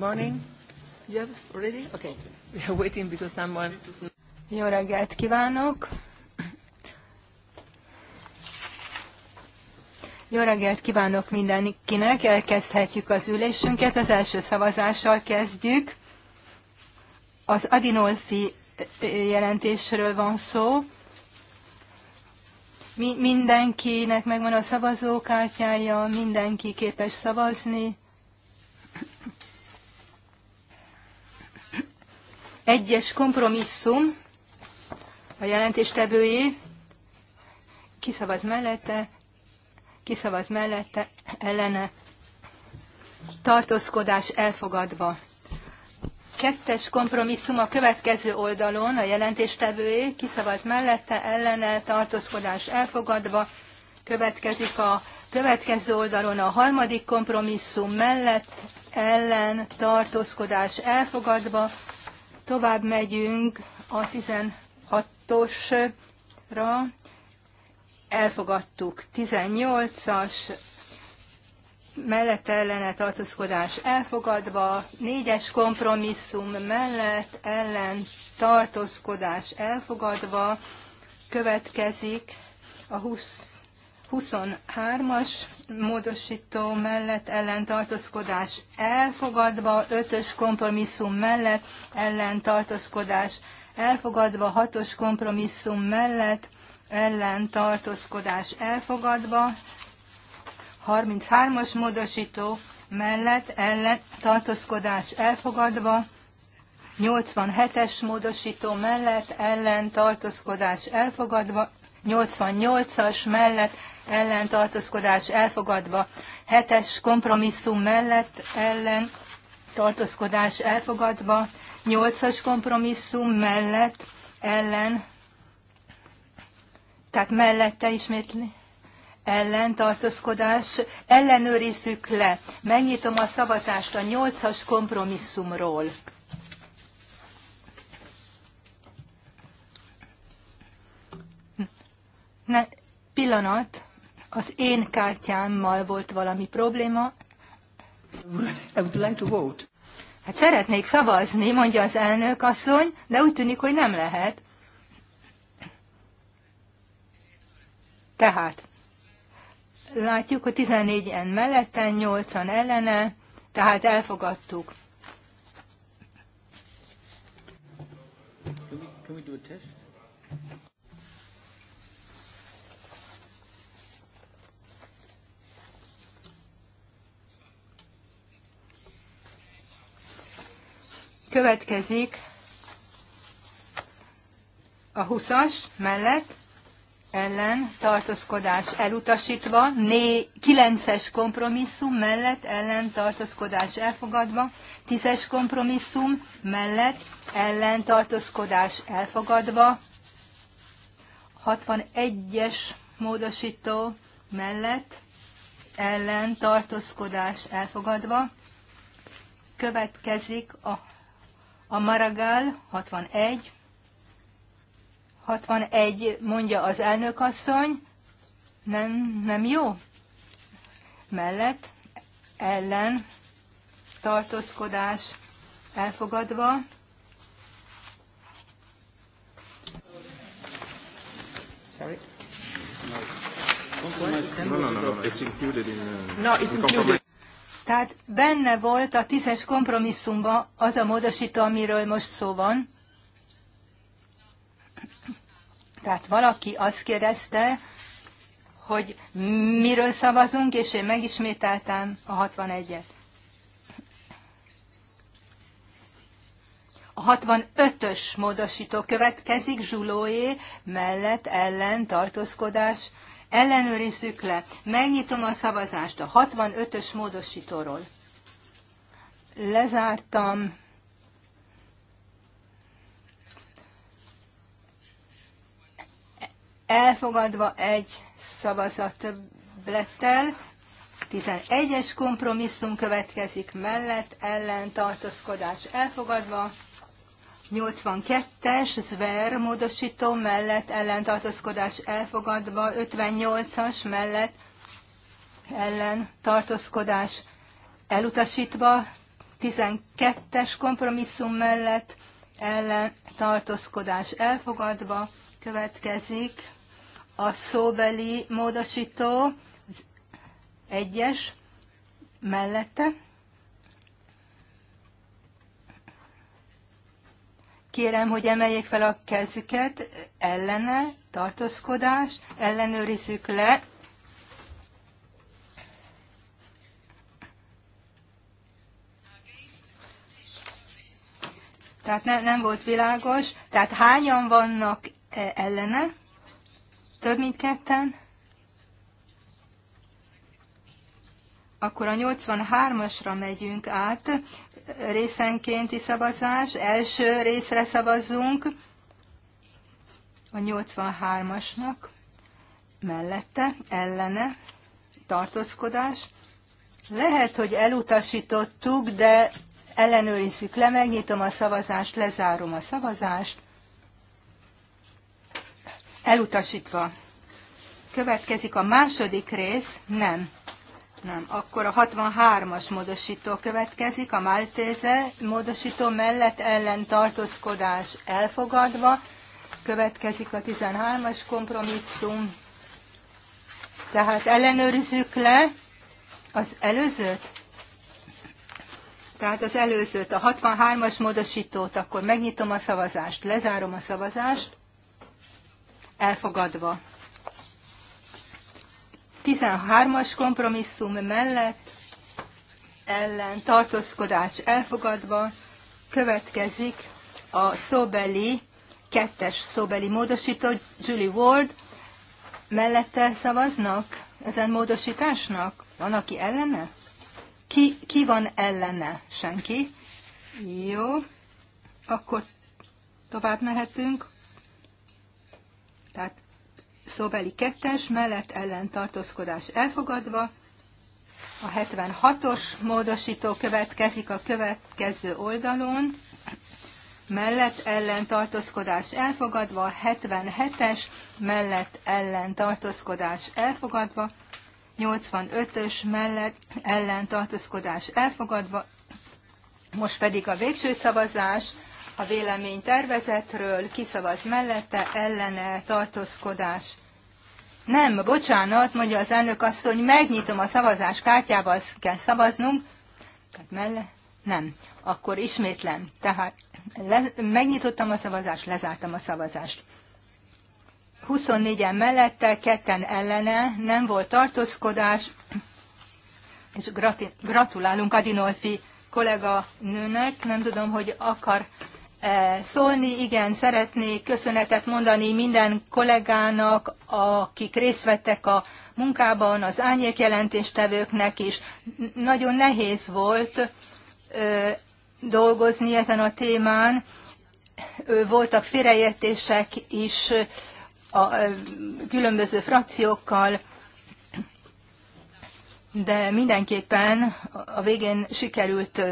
morning. You have already? Okay. We are waiting because someone... Jó reggelt kívánok! Jó reggelt kívánok mindenkinek! Elkezdhetjük az ülésünket. Az első szavazással kezdjük. Az Adinolfi jelentésről van szó. Mi, mindenkinek megvan a szavazókártyája, mindenki képes szavazni. Egyes kompromisszum a jelentéstevőjé. Kiszavaz mellette, kiszavaz mellette, ellene. Tartózkodás elfogadva. Kettes kompromisszum a következő oldalon a jelentéstevőjé. Kiszavaz mellette, ellene, tartózkodás elfogadva. Következik a következő oldalon a harmadik kompromisszum mellett, ellen, tartózkodás elfogadva. Tovább megyünk a 16-osra, elfogadtuk 18-as, mellett ellene tartózkodás elfogadva, négyes kompromisszum mellett ellen tartózkodás elfogadva, következik a 20 23-as módosító mellett ellentartózkodás elfogadva, 5-ös kompromisszum mellett ellentartózkodás elfogadva, 6-os kompromisszum mellett ellentartózkodás elfogadva, 33-as módosító mellett ellentartózkodás elfogadva, 87-es módosító mellett ellentartózkodás elfogadva, 88-as mellett ellen elfogadva, 7-es kompromisszum mellett ellen elfogadva, 8-as kompromisszum mellett ellen, tehát mellette ismétli, ellen ellenőrizzük le. Megnyitom a szavazást a 8-as kompromisszumról. ne, pillanat, az én kártyámmal volt valami probléma. I would like to vote. Hát szeretnék szavazni, mondja az elnök asszony, de úgy tűnik, hogy nem lehet. Tehát látjuk, hogy 14-en melletten, 8-an ellene, tehát elfogadtuk. Can we, can we do a test? Következik a 20-as mellett ellen tartózkodás elutasítva, 9-es kompromisszum mellett ellen tartózkodás elfogadva, 10-es kompromisszum mellett ellen tartózkodás elfogadva, 61-es módosító mellett ellen tartózkodás elfogadva, következik a a Maragall 61, 61 mondja az elnökasszony, nem, nem jó? Mellett, ellen, tartózkodás elfogadva. Sorry. No, It's included in. Uh, no, it's included. Tehát benne volt a tízes kompromisszumban az a módosító, amiről most szó van. Tehát valaki azt kérdezte, hogy miről szavazunk, és én megismételtem a 61-et. A 65-ös módosító következik, zsulóé mellett ellen tartózkodás ellenőrizzük le. Megnyitom a szavazást a 65-ös módosítóról. Lezártam. Elfogadva egy szavazat többlettel, 11-es kompromisszum következik mellett, ellen tartózkodás elfogadva. 82-es Zver módosító mellett ellentartózkodás elfogadva, 58-as mellett ellentartózkodás elutasítva, 12-es kompromisszum mellett ellentartózkodás elfogadva, következik a szóbeli módosító es mellette Kérem, hogy emeljék fel a kezüket, ellene, tartózkodás, ellenőrizzük le. Tehát ne, nem volt világos. Tehát hányan vannak e, ellene? Több mint ketten? Akkor a 83-asra megyünk át részenkénti szavazás. Első részre szavazzunk a 83-asnak mellette, ellene, tartózkodás. Lehet, hogy elutasítottuk, de ellenőrizzük le, megnyitom a szavazást, lezárom a szavazást. Elutasítva. Következik a második rész, nem. Nem. Akkor a 63-as módosító következik, a Maltéze módosító mellett ellen tartózkodás elfogadva, következik a 13-as kompromisszum. Tehát ellenőrizzük le az előzőt. Tehát az előzőt, a 63-as módosítót, akkor megnyitom a szavazást, lezárom a szavazást, elfogadva. 13-as kompromisszum mellett ellen tartózkodás elfogadva következik a szóbeli, kettes szóbeli módosító, Julie Ward mellette szavaznak ezen módosításnak? Van, aki ellene? Ki, ki van ellene? Senki? Jó, akkor tovább mehetünk. Tehát szóbeli kettes mellett ellen tartózkodás elfogadva. A 76-os módosító következik a következő oldalon. Mellett ellen tartózkodás elfogadva, 77-es mellett ellen tartózkodás elfogadva, 85-ös mellett ellen tartózkodás elfogadva. Most pedig a végső szavazás a vélemény tervezetről, kiszavaz mellette, ellene, tartózkodás. Nem, bocsánat, mondja az elnök asszony, megnyitom a szavazás kártyával, kell szavaznunk. Tehát melle, nem. Akkor ismétlem. Tehát le, megnyitottam a szavazást, lezártam a szavazást. 24-en mellette, ketten ellene, nem volt tartózkodás, és gratulálunk Adinolfi kollega nőnek, nem tudom, hogy akar Eh, szólni. Igen, szeretnék köszönetet mondani minden kollégának, akik részt vettek a munkában, az árnyékjelentéstevőknek is. Nagyon nehéz volt dolgozni ezen a témán. Voltak félreértések is a különböző frakciókkal, de mindenképpen a végén sikerült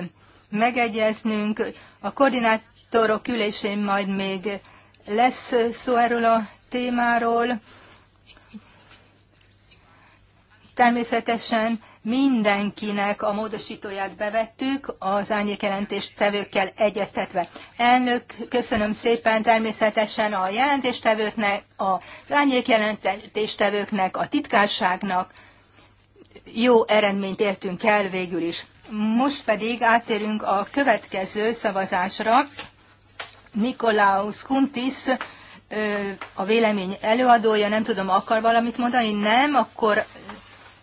megegyeznünk. A koordinát torok ülésén majd még lesz szó erről a témáról. Természetesen mindenkinek a módosítóját bevettük, az árnyékjelentést tevőkkel egyeztetve. Elnök, köszönöm szépen természetesen a jelentéstevőknek, az árnyékjelentéstevőknek, a titkárságnak. Jó eredményt értünk el végül is. Most pedig átérünk a következő szavazásra. Nikolaus Kuntis a vélemény előadója, nem tudom, akar valamit mondani? Nem, akkor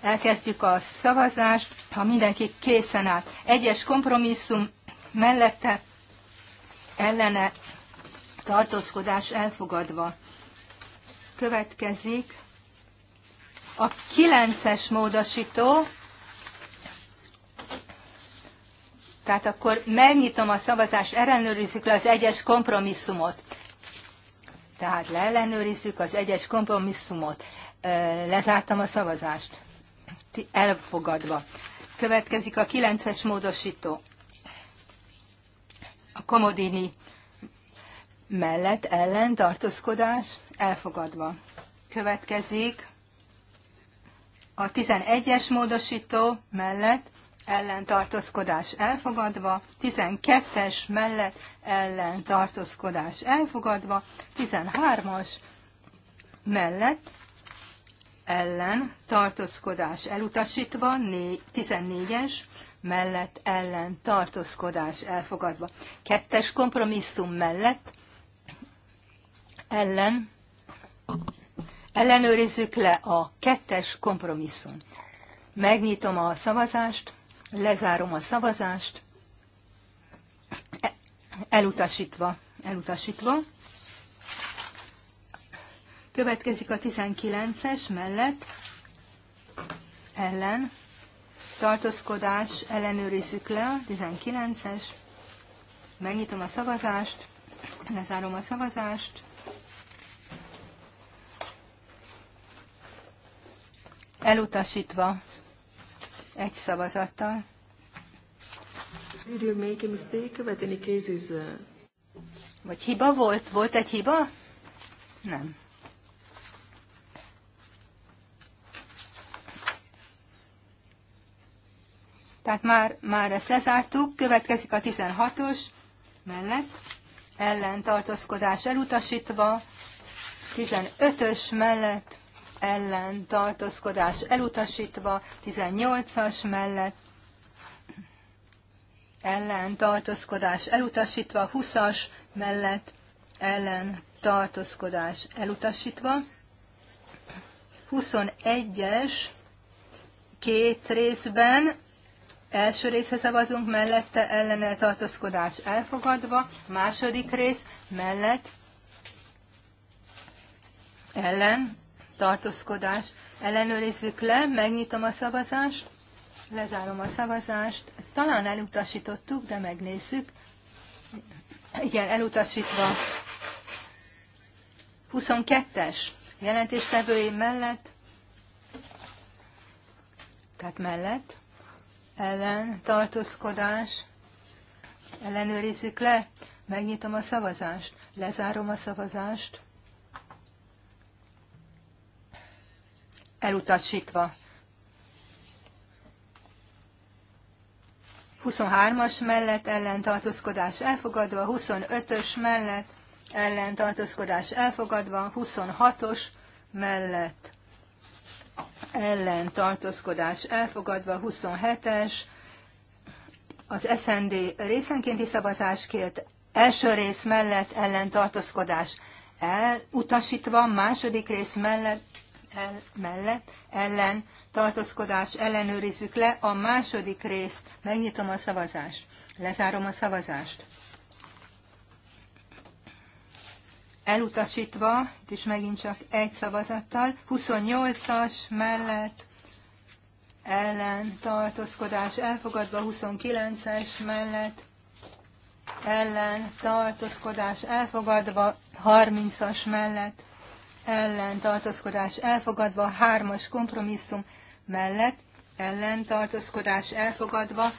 elkezdjük a szavazást, ha mindenki készen áll. Egyes kompromisszum mellette ellene tartózkodás elfogadva. Következik a kilences módosító Tehát akkor megnyitom a szavazást, ellenőrizzük le az egyes kompromisszumot. Tehát leellenőrizzük az egyes kompromisszumot. Lezártam a szavazást. Elfogadva. Következik a kilences módosító. A komodini mellett ellen tartózkodás elfogadva. Következik a 11-es módosító mellett ellentartózkodás elfogadva, 12-es mellett ellentartózkodás elfogadva, 13-as mellett ellen tartózkodás elutasítva, 14-es mellett ellen tartózkodás elfogadva. Kettes kompromisszum mellett ellen ellenőrizzük le a kettes kompromisszum. Megnyitom a szavazást. Lezárom a szavazást. E- elutasítva. Elutasítva. Következik a 19-es mellett ellen tartózkodás, ellenőrizzük le a 19-es, megnyitom a szavazást, lezárom a szavazást, elutasítva egy szavazattal. Did you make a mistake? But any case is, uh, Vagy hiba volt? Volt egy hiba? Nem. Tehát már, már ezt lezártuk, következik a 16-os mellett, ellentartózkodás elutasítva, 15-ös mellett ellen tartózkodás elutasítva, 18-as mellett ellen tartózkodás elutasítva, 20-as mellett ellen tartózkodás elutasítva, 21-es két részben első részhez szavazunk, mellette ellene tartózkodás elfogadva, második rész mellett ellen tartózkodás. Ellenőrizzük le, megnyitom a szavazást, lezárom a szavazást. Ezt talán elutasítottuk, de megnézzük. Igen, elutasítva. 22-es jelentéstevői mellett, tehát mellett, ellen tartózkodás, ellenőrizzük le, megnyitom a szavazást, lezárom a szavazást, elutasítva. 23-as mellett ellentartózkodás elfogadva, 25-ös mellett ellentartózkodás elfogadva, 26-os mellett ellentartózkodás elfogadva, 27-es, az SND részenkénti szavazásként első rész mellett ellentartózkodás elutasítva, második rész mellett el, mellett ellen tartózkodás ellenőrizzük le a második részt. Megnyitom a szavazást. Lezárom a szavazást. Elutasítva, itt is megint csak egy szavazattal, 28-as mellett ellen tartózkodás elfogadva, 29-es mellett ellen tartózkodás elfogadva, 30-as mellett ellen tartózkodás elfogadva, hármas kompromisszum mellett ellen tartózkodás elfogadva,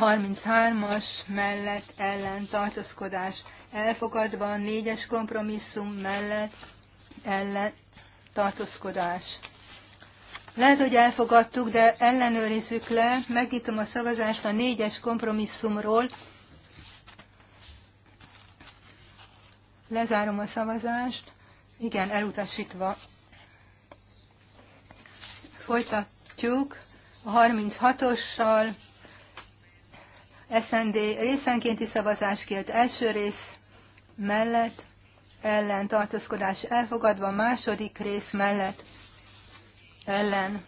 33-as mellett ellen tartózkodás elfogadva, 4-es kompromisszum mellett ellen Lehet, hogy elfogadtuk, de ellenőrizzük le, megnyitom a szavazást a négyes kompromisszumról, Lezárom a szavazást. Igen, elutasítva. Folytatjuk a 36-ossal. SND részenkénti szavazás kért első rész mellett, ellen tartózkodás elfogadva, második rész mellett, ellen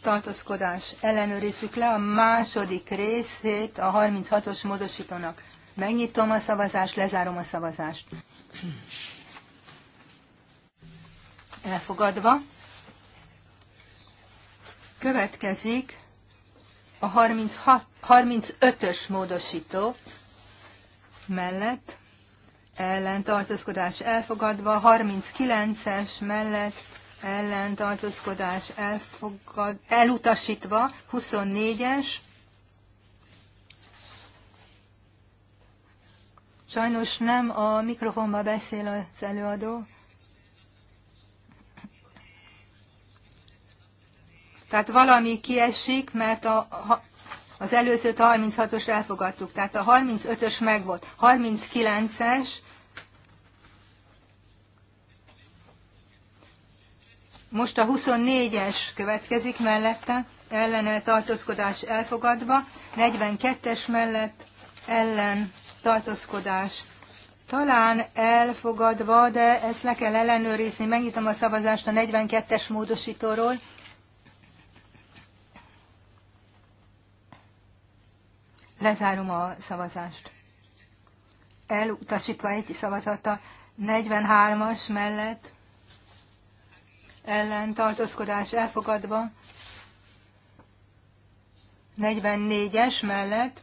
tartózkodás ellenőrizzük le a második részét a 36-os módosítónak. Megnyitom a szavazást, lezárom a szavazást. Elfogadva. Következik a 36, 35-ös módosító mellett ellen tartózkodás elfogadva, 39-es mellett ellentartózkodás elfogad, elutasítva, 24-es Sajnos nem a mikrofonba beszél az előadó. Tehát valami kiesik, mert a, az előzőt 36-os elfogadtuk. Tehát a 35-ös megvolt. 39-es. Most a 24-es következik mellette, ellene tartózkodás elfogadva, 42-es mellett ellen tartózkodás talán elfogadva, de ezt le kell ellenőrizni. Megnyitom a szavazást a 42-es módosítóról. Lezárom a szavazást. Elutasítva egy szavazata 43-as mellett ellen tartózkodás elfogadva, 44-es mellett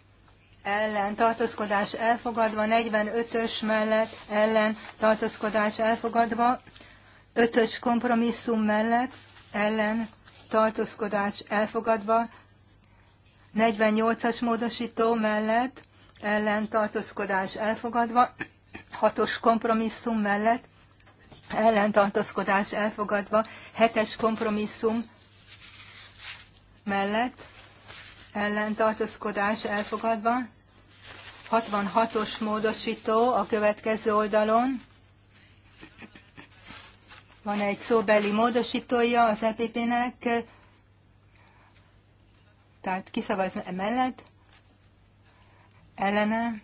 ellen tartózkodás elfogadva, 45-ös mellett ellen tartózkodás elfogadva, 5-ös kompromisszum mellett ellen tartózkodás elfogadva, 48-as módosító mellett ellen tartózkodás elfogadva, 6-os kompromisszum mellett ellen tartózkodás elfogadva, 7-es kompromisszum mellett ellen tartózkodás elfogadva. 66-os módosító a következő oldalon. Van egy szóbeli módosítója az EPP-nek, tehát kiszavaz emellett, ellene,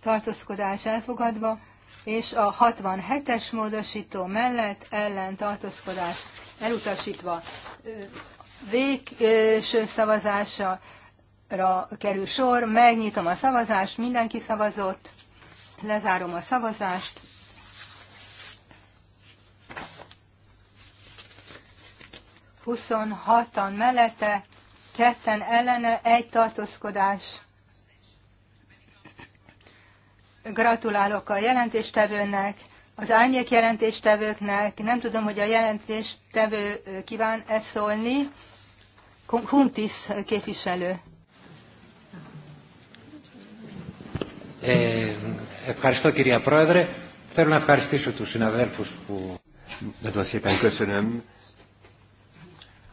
tartózkodás elfogadva, és a 67-es módosító mellett ellen tartózkodás elutasítva. Végső szavazása ra kerül sor, megnyitom a szavazást, mindenki szavazott, lezárom a szavazást. Huszonhatan mellette, ketten ellene, egy tartózkodás. Gratulálok a jelentéstevőnek, az árnyék jelentéstevőknek. Nem tudom, hogy a jelentéstevő kíván ezt szólni. Huntis képviselő. Ε, ευχαριστώ κυρία Πρόεδρε. Θέλω να ευχαριστήσω τους συναδέλφους που... Nagyon szépen köszönöm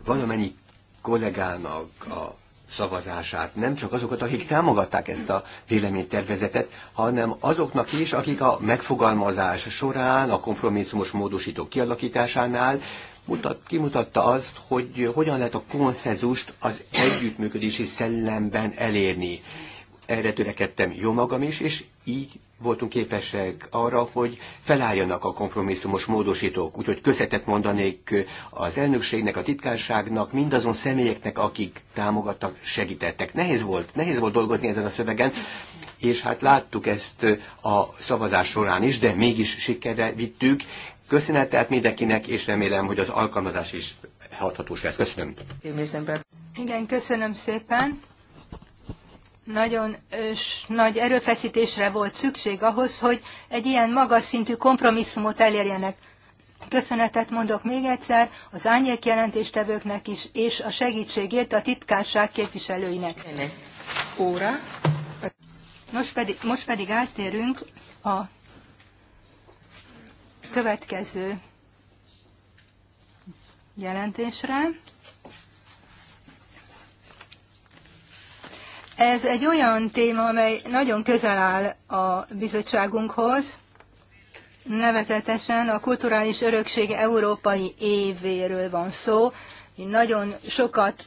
valamennyi kollégának a szavazását, nem csak azokat, akik támogatták ezt a véleménytervezetet, hanem azoknak is, akik a megfogalmazás során, a kompromisszumos módosító kialakításánál mutat, kimutatta azt, hogy hogyan lehet a konfezust az együttműködési szellemben elérni erre törekedtem jó magam is, és így voltunk képesek arra, hogy felálljanak a kompromisszumos módosítók. Úgyhogy köszetet mondanék az elnökségnek, a titkárságnak, mindazon személyeknek, akik támogattak, segítettek. Nehéz volt, nehéz volt dolgozni ezen a szövegen, és hát láttuk ezt a szavazás során is, de mégis sikerre vittük. Köszönetet mindenkinek, és remélem, hogy az alkalmazás is hathatós lesz. Köszönöm. Igen, köszönöm szépen nagyon nagy erőfeszítésre volt szükség ahhoz, hogy egy ilyen magas szintű kompromisszumot elérjenek. Köszönetet mondok még egyszer az ányék jelentéstevőknek is, és a segítségért a titkárság képviselőinek. Óra. Most pedig, most pedig áttérünk a következő jelentésre. Ez egy olyan téma, amely nagyon közel áll a bizottságunkhoz, nevezetesen a kulturális örökség európai évéről van szó. Mi nagyon sokat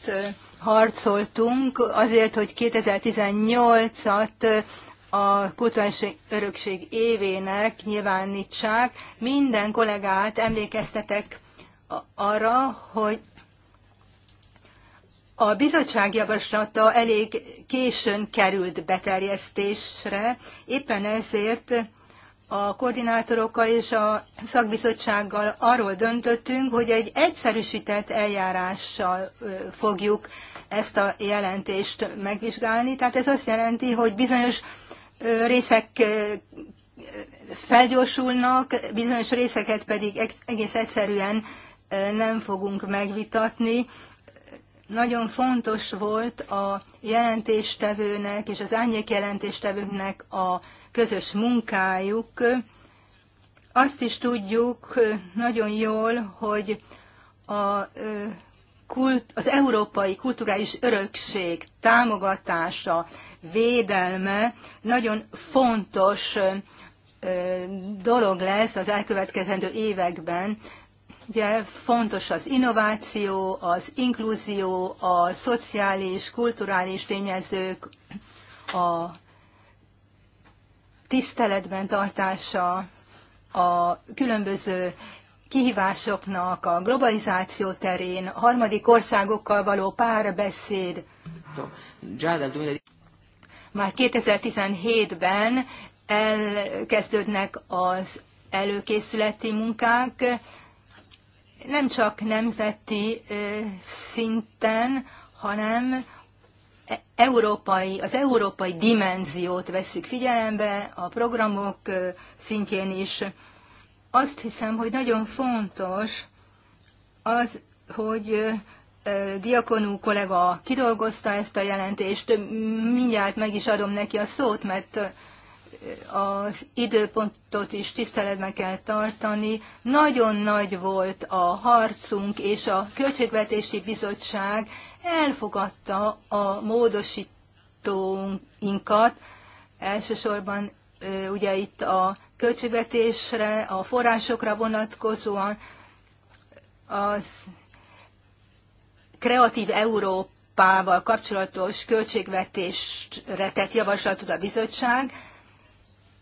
harcoltunk azért, hogy 2018-at a kulturális örökség évének nyilvánítsák. Minden kollégát emlékeztetek arra, hogy a bizottság javaslata elég későn került beterjesztésre, éppen ezért a koordinátorokkal és a szakbizottsággal arról döntöttünk, hogy egy egyszerűsített eljárással fogjuk ezt a jelentést megvizsgálni. Tehát ez azt jelenti, hogy bizonyos részek felgyorsulnak, bizonyos részeket pedig egész egyszerűen nem fogunk megvitatni nagyon fontos volt a jelentéstevőnek és az árnyék jelentéstevőknek a közös munkájuk. Azt is tudjuk nagyon jól, hogy a kult, az európai kulturális örökség támogatása, védelme nagyon fontos dolog lesz az elkövetkezendő években ugye fontos az innováció, az inkluzió, a szociális, kulturális tényezők, a tiszteletben tartása, a különböző kihívásoknak a globalizáció terén, a harmadik országokkal való párbeszéd. Már 2017-ben elkezdődnek az előkészületi munkák, nem csak nemzeti szinten, hanem e, európai, az európai dimenziót veszük figyelembe a programok szintjén is. Azt hiszem, hogy nagyon fontos az, hogy Diakonú kollega kidolgozta ezt a jelentést, mindjárt meg is adom neki a szót, mert az időpontot is tiszteletben kell tartani. Nagyon nagy volt a harcunk, és a Költségvetési Bizottság elfogadta a módosítóinkat. Elsősorban ugye itt a költségvetésre, a forrásokra vonatkozóan az kreatív Európával kapcsolatos költségvetésre tett javaslatot a bizottság,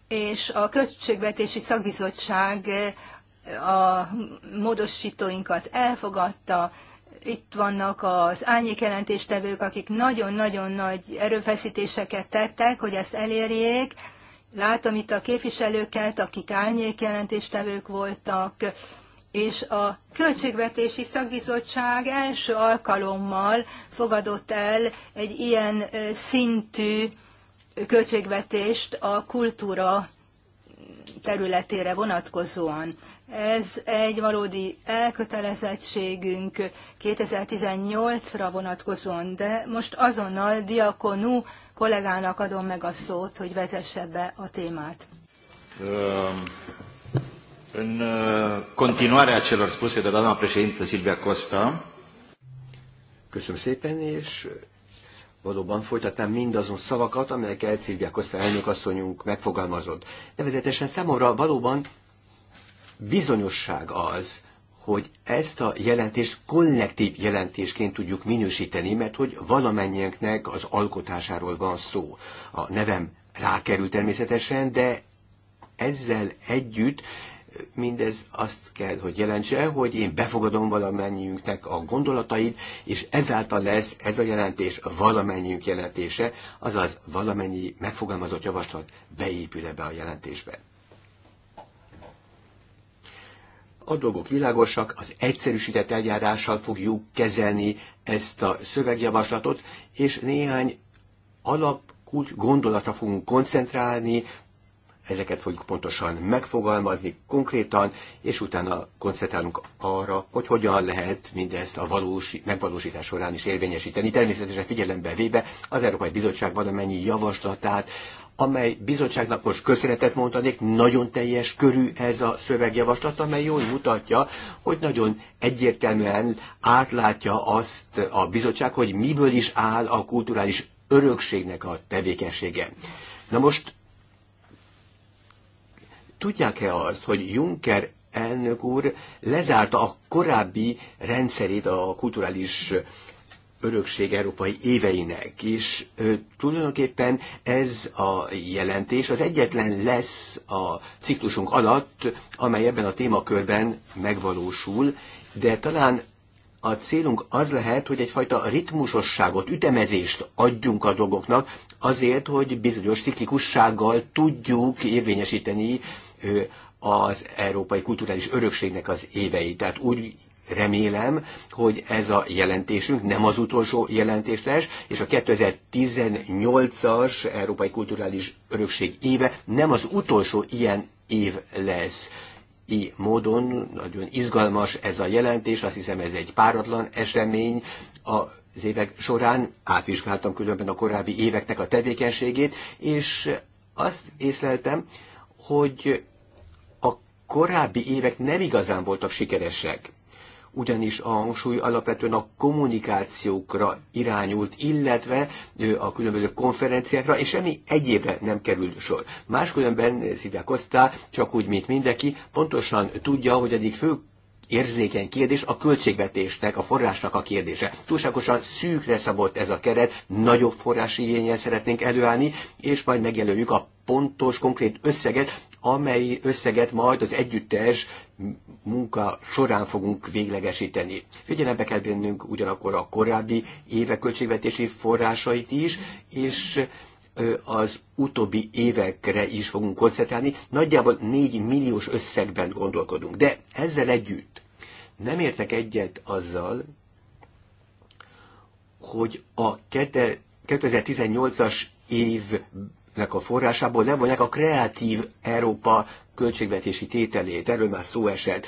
és a Költségvetési Szakbizottság eh, a módosítóinkat elfogadta, itt vannak az árnyékjelentéstevők, akik nagyon-nagyon nagy erőfeszítéseket tettek, hogy ezt elérjék. Látom itt a képviselőket, akik árnyékjelentéstevők voltak, és a Költségvetési Szakbizottság első alkalommal fogadott el egy ilyen eh, szintű költségvetést a kultúra területére vonatkozóan. Ez egy valódi elkötelezettségünk 2018-ra vonatkozóan, de most azonnal Diakonú kollégának adom meg a szót, hogy vezesse be a témát. Ehm, în eh, continuarea celor spuse de doamna președintă Silvia Costa. Köszönöm szépen, és valóban folytatnám mindazon szavakat, amelyeket Szilvia Koszta elnök asszonyunk megfogalmazott. Nevezetesen számomra valóban bizonyosság az, hogy ezt a jelentést kollektív jelentésként tudjuk minősíteni, mert hogy valamennyienknek az alkotásáról van szó. A nevem rákerül természetesen, de ezzel együtt mindez azt kell, hogy jelentse, hogy én befogadom valamennyiünknek a gondolatait, és ezáltal lesz ez a jelentés valamennyiünk jelentése, azaz valamennyi megfogalmazott javaslat beépül ebbe a jelentésbe. a dolgok világosak, az egyszerűsített eljárással fogjuk kezelni ezt a szövegjavaslatot, és néhány alap kulcs gondolatra fogunk koncentrálni, ezeket fogjuk pontosan megfogalmazni konkrétan, és utána koncentrálunk arra, hogy hogyan lehet mindezt a valós, megvalósítás során is érvényesíteni. Természetesen figyelembe véve az Európai Bizottság valamennyi javaslatát, amely bizottságnak most köszönetet mondanék, nagyon teljes körű ez a szövegjavaslat, amely jól mutatja, hogy nagyon egyértelműen átlátja azt a bizottság, hogy miből is áll a kulturális örökségnek a tevékenysége. Na most tudják-e azt, hogy Juncker elnök úr lezárta a korábbi rendszerét a kulturális örökség európai éveinek, és ö, tulajdonképpen ez a jelentés az egyetlen lesz a ciklusunk alatt, amely ebben a témakörben megvalósul, de talán a célunk az lehet, hogy egyfajta ritmusosságot, ütemezést adjunk a dolgoknak, azért, hogy bizonyos ciklikussággal tudjuk érvényesíteni az európai kulturális örökségnek az évei. Tehát úgy remélem, hogy ez a jelentésünk nem az utolsó jelentés lesz, és a 2018-as Európai Kulturális Örökség éve nem az utolsó ilyen év lesz. I módon nagyon izgalmas ez a jelentés, azt hiszem ez egy páratlan esemény. A az évek során átvizsgáltam különben a korábbi éveknek a tevékenységét, és azt észleltem, hogy a korábbi évek nem igazán voltak sikeresek ugyanis a hangsúly alapvetően a kommunikációkra irányult, illetve a különböző konferenciákra, és semmi egyébre nem került sor. Máskülönben Szidák Kosztá, csak úgy, mint mindenki, pontosan tudja, hogy egyik fő érzékeny kérdés a költségvetésnek, a forrásnak a kérdése. Túlságosan szűkre szabott ez a keret, nagyobb forrási igényel szeretnénk előállni, és majd megjelöljük a pontos, konkrét összeget, amely összeget majd az együttes munka során fogunk véglegesíteni. Figyelembe kell vennünk ugyanakkor a korábbi évek költségvetési forrásait is, és az utóbbi évekre is fogunk koncentrálni, nagyjából 4 milliós összegben gondolkodunk. De ezzel együtt nem értek egyet azzal, hogy a 2018-as évnek a forrásából levonják a kreatív Európa költségvetési tételét. Erről már szó esett.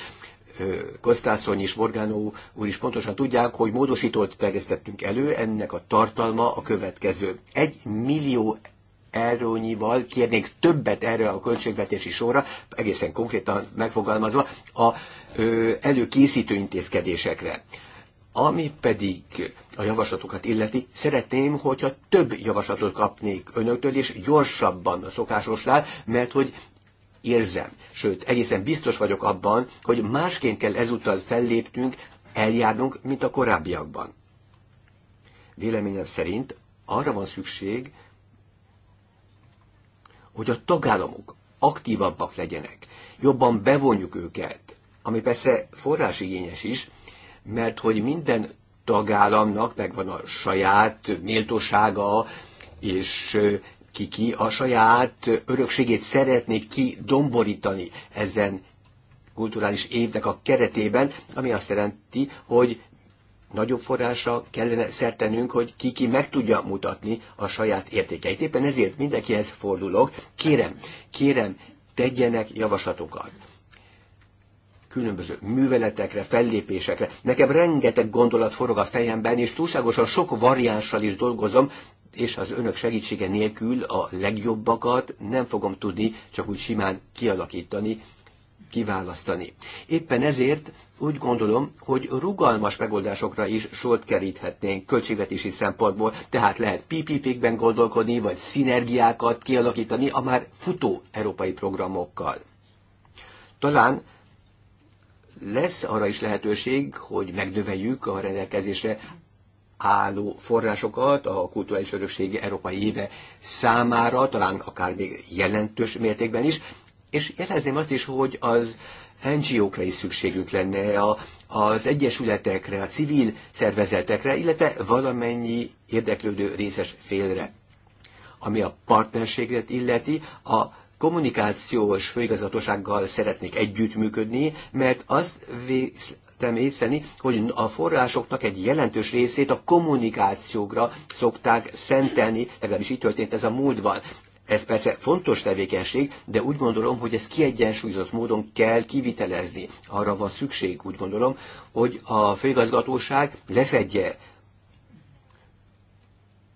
Kosztászony és Morgánó úr is pontosan tudják, hogy módosítót terjesztettünk elő, ennek a tartalma a következő. Egy millió errónyival kérnénk többet erre a költségvetési sorra, egészen konkrétan megfogalmazva, a ö, előkészítő intézkedésekre. Ami pedig a javaslatokat illeti, szeretném, hogyha több javaslatot kapnék önöktől, és gyorsabban a szokásosnál, mert hogy érzem. Sőt, egészen biztos vagyok abban, hogy másként kell ezúttal felléptünk, eljárnunk, mint a korábbiakban. Véleményem szerint arra van szükség, hogy a tagállamok aktívabbak legyenek, jobban bevonjuk őket, ami persze forrásigényes is, mert hogy minden tagállamnak megvan a saját méltósága, és ki ki a saját örökségét szeretné kidomborítani ezen kulturális évnek a keretében, ami azt jelenti, hogy nagyobb forrásra kellene szertenünk, hogy ki-ki meg tudja mutatni a saját értékeit. Éppen ezért mindenkihez fordulok, kérem, kérem, tegyenek javaslatokat különböző műveletekre, fellépésekre. Nekem rengeteg gondolat forog a fejemben, és túlságosan sok variánssal is dolgozom, és az önök segítsége nélkül a legjobbakat nem fogom tudni csak úgy simán kialakítani, kiválasztani. Éppen ezért úgy gondolom, hogy rugalmas megoldásokra is sort keríthetnénk költségvetési szempontból, tehát lehet PPP-kben gondolkodni, vagy szinergiákat kialakítani a már futó európai programokkal. Talán lesz arra is lehetőség, hogy megnöveljük a rendelkezésre álló forrásokat a kulturális örökségi európai éve számára, talán akár még jelentős mértékben is, és jelezném azt is, hogy az NGO-kra is szükségünk lenne, a, az egyesületekre, a civil szervezetekre, illetve valamennyi érdeklődő részes félre. Ami a partnerséget illeti, a kommunikációs főigazgatósággal szeretnék együttműködni, mert azt, vész, vettem észre, hogy a forrásoknak egy jelentős részét a kommunikációkra szokták szentelni, legalábbis így történt ez a múltban. Ez persze fontos tevékenység, de úgy gondolom, hogy ez kiegyensúlyozott módon kell kivitelezni. Arra van szükség, úgy gondolom, hogy a főigazgatóság lefedje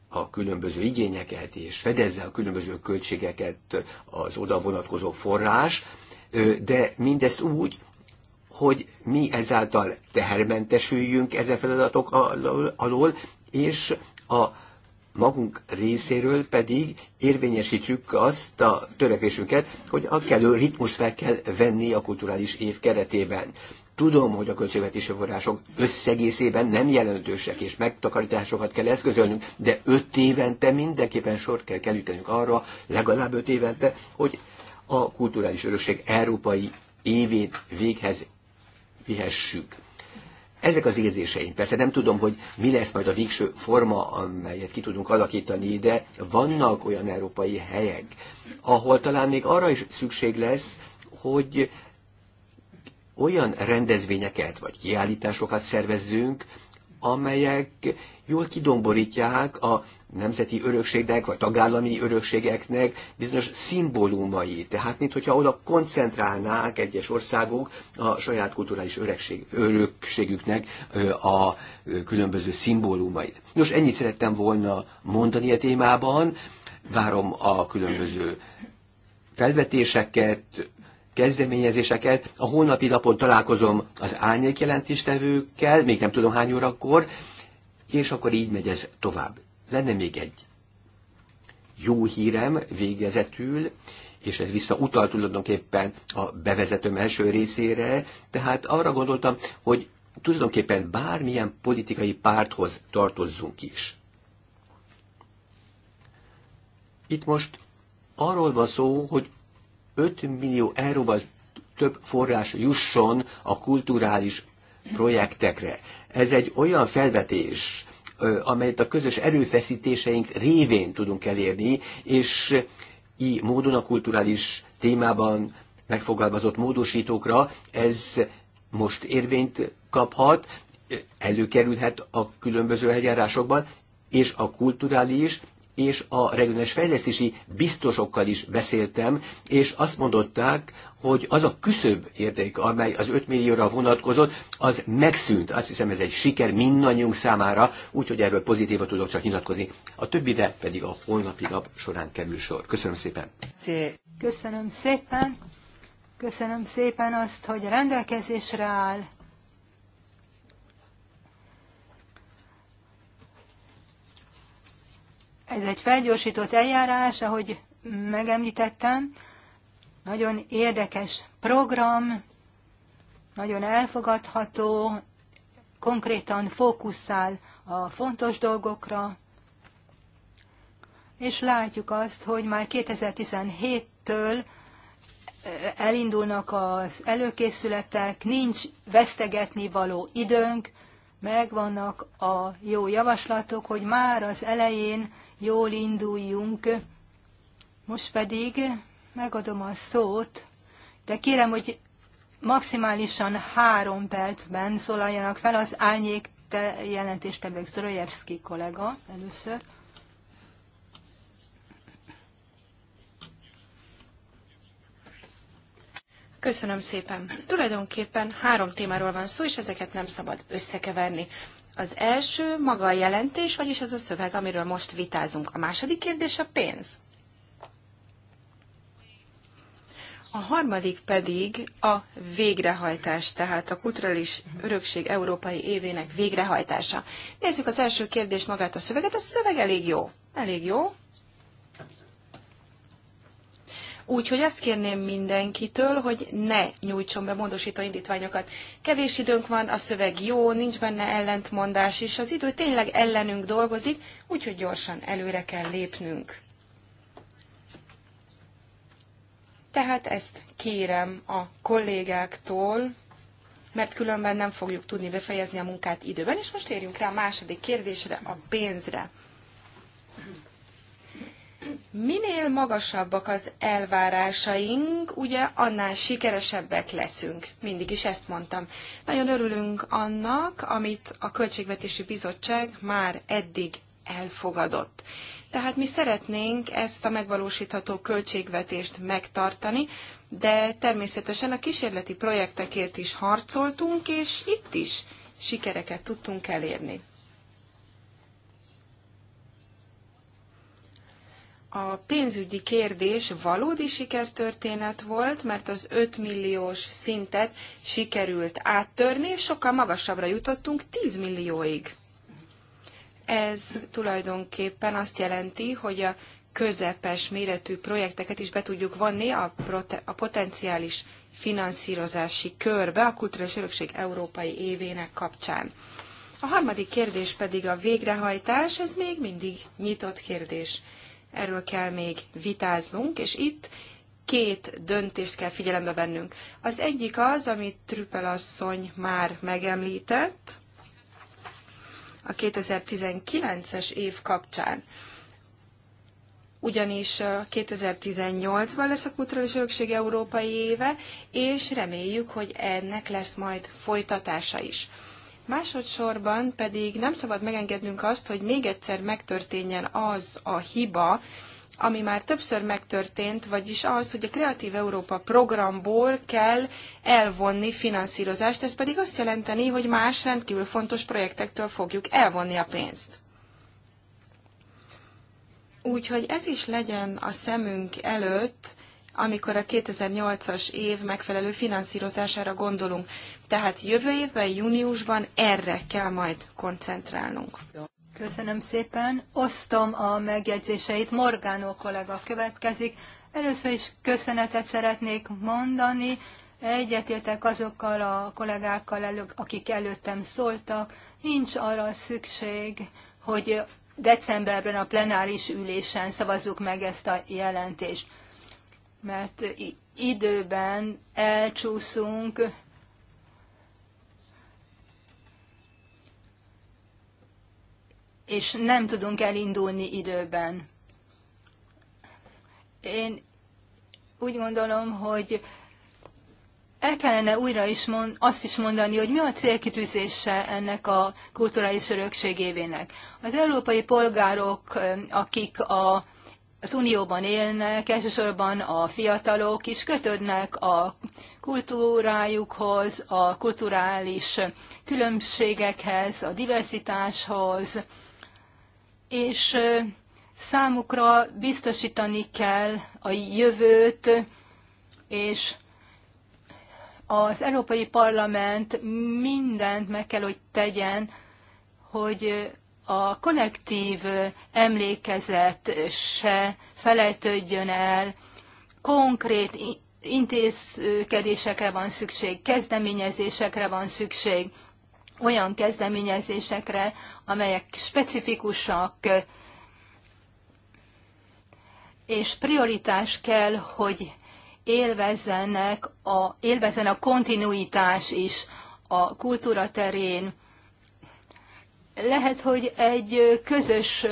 a különböző igényeket, és fedezze a különböző költségeket az oda vonatkozó forrás, de mindezt úgy, hogy mi ezáltal tehermentesüljünk ezen feladatok alól, és a magunk részéről pedig érvényesítjük azt a törekvésünket, hogy a kellő ritmus fel kell venni a kulturális év keretében. Tudom, hogy a költségvetési források összegészében nem jelentősek, és megtakarításokat kell eszközölnünk, de öt évente mindenképpen sor kell kerültenünk arra, legalább öt évente, hogy a kulturális örökség európai évét véghez vihessük. Ezek az érzéseink. Persze nem tudom, hogy mi lesz majd a végső forma, amelyet ki tudunk alakítani, de vannak olyan európai helyek, ahol talán még arra is szükség lesz, hogy olyan rendezvényeket vagy kiállításokat szervezzünk, amelyek jól kidomborítják a nemzeti örökségnek, vagy tagállami örökségeknek bizonyos szimbólumai. Tehát, mint hogyha oda koncentrálnák egyes országok a saját kulturális örökség, örökségüknek a különböző szimbólumait. Nos, ennyit szerettem volna mondani a e témában. Várom a különböző felvetéseket, kezdeményezéseket. A holnapi napon találkozom az árnyék jelentéstevőkkel, még nem tudom hány órakor, és akkor így megy ez tovább. Lenne még egy jó hírem végezetül, és ez visszautal tulajdonképpen a bevezetőm első részére, tehát arra gondoltam, hogy tulajdonképpen bármilyen politikai párthoz tartozzunk is. Itt most arról van szó, hogy 5 millió euróval több forrás jusson a kulturális projektekre. Ez egy olyan felvetés, amelyet a közös erőfeszítéseink révén tudunk elérni, és így módon a kulturális témában megfogalmazott módosítókra ez most érvényt kaphat, előkerülhet a különböző eljárásokban, és a kulturális és a regionális fejlesztési biztosokkal is beszéltem, és azt mondották, hogy az a küszöbb érték, amely az 5 millióra vonatkozott, az megszűnt. Azt hiszem ez egy siker mindannyiunk számára, úgyhogy erről pozitívan tudok csak nyilatkozni. A többire pedig a holnapi nap során kerül sor. Köszönöm szépen. Köszönöm szépen. Köszönöm szépen azt, hogy rendelkezésre áll. Ez egy felgyorsított eljárás, ahogy megemlítettem. Nagyon érdekes program, nagyon elfogadható, konkrétan fókuszál a fontos dolgokra, és látjuk azt, hogy már 2017-től eh, elindulnak az előkészületek, nincs vesztegetni való időnk, megvannak a jó javaslatok, hogy már az elején jól induljunk. Most pedig megadom a szót, de kérem, hogy maximálisan három percben szólaljanak fel az árnyék te jelentéstevők Zrojevski kollega először. Köszönöm szépen. Tulajdonképpen három témáról van szó, és ezeket nem szabad összekeverni. Az első maga a jelentés, vagyis az a szöveg, amiről most vitázunk. A második kérdés a pénz. A harmadik pedig a végrehajtás, tehát a kulturális örökség európai évének végrehajtása. Nézzük az első kérdést, magát a szöveget. A szöveg elég jó. Elég jó. Úgyhogy azt kérném mindenkitől, hogy ne nyújtson be módosító indítványokat. Kevés időnk van, a szöveg jó, nincs benne ellentmondás, és az idő tényleg ellenünk dolgozik, úgyhogy gyorsan előre kell lépnünk. Tehát ezt kérem a kollégáktól, mert különben nem fogjuk tudni befejezni a munkát időben. És most érjünk rá a második kérdésre, a pénzre. Minél magasabbak az elvárásaink, ugye annál sikeresebbek leszünk. Mindig is ezt mondtam. Nagyon örülünk annak, amit a Költségvetési Bizottság már eddig elfogadott. Tehát mi szeretnénk ezt a megvalósítható költségvetést megtartani, de természetesen a kísérleti projektekért is harcoltunk, és itt is sikereket tudtunk elérni. A pénzügyi kérdés valódi sikertörténet volt, mert az 5 milliós szintet sikerült áttörni, és sokkal magasabbra jutottunk 10 millióig. Ez tulajdonképpen azt jelenti, hogy a közepes méretű projekteket is be tudjuk vonni a, a potenciális finanszírozási körbe a Kulturális Örökség Európai Évének kapcsán. A harmadik kérdés pedig a végrehajtás, ez még mindig nyitott kérdés. Erről kell még vitáznunk, és itt két döntést kell figyelembe vennünk. Az egyik az, amit Trüppel asszony már megemlített, a 2019-es év kapcsán. Ugyanis 2018-ban lesz a kulturális örökség európai éve, és reméljük, hogy ennek lesz majd folytatása is. Másodszorban pedig nem szabad megengednünk azt, hogy még egyszer megtörténjen az a hiba, ami már többször megtörtént, vagyis az, hogy a Kreatív Európa programból kell elvonni finanszírozást, ez pedig azt jelenteni, hogy más rendkívül fontos projektektől fogjuk elvonni a pénzt. Úgyhogy ez is legyen a szemünk előtt, amikor a 2008-as év megfelelő finanszírozására gondolunk. Tehát jövő évben, júniusban erre kell majd koncentrálnunk. Köszönöm szépen. Osztom a megjegyzéseit. Morgánó kollega következik. Először is köszönetet szeretnék mondani. Egyetértek azokkal a kollégákkal, elő, akik előttem szóltak. Nincs arra szükség, hogy decemberben a plenáris ülésen szavazzuk meg ezt a jelentést. Mert időben elcsúszunk, és nem tudunk elindulni időben. Én úgy gondolom, hogy el kellene újra is mond, azt is mondani, hogy mi a célkitűzése ennek a kulturális örökségévének. Az európai polgárok, akik a, az Unióban élnek, elsősorban a fiatalok is kötődnek a kultúrájukhoz, a kulturális különbségekhez, a diversitáshoz, és számukra biztosítani kell a jövőt, és az Európai Parlament mindent meg kell, hogy tegyen, hogy a kollektív emlékezet se felejtődjön el, konkrét intézkedésekre van szükség, kezdeményezésekre van szükség olyan kezdeményezésekre, amelyek specifikusak, és prioritás kell, hogy élvezzenek a, élvezzen a kontinuitás is a kultúra terén. Lehet, hogy egy közös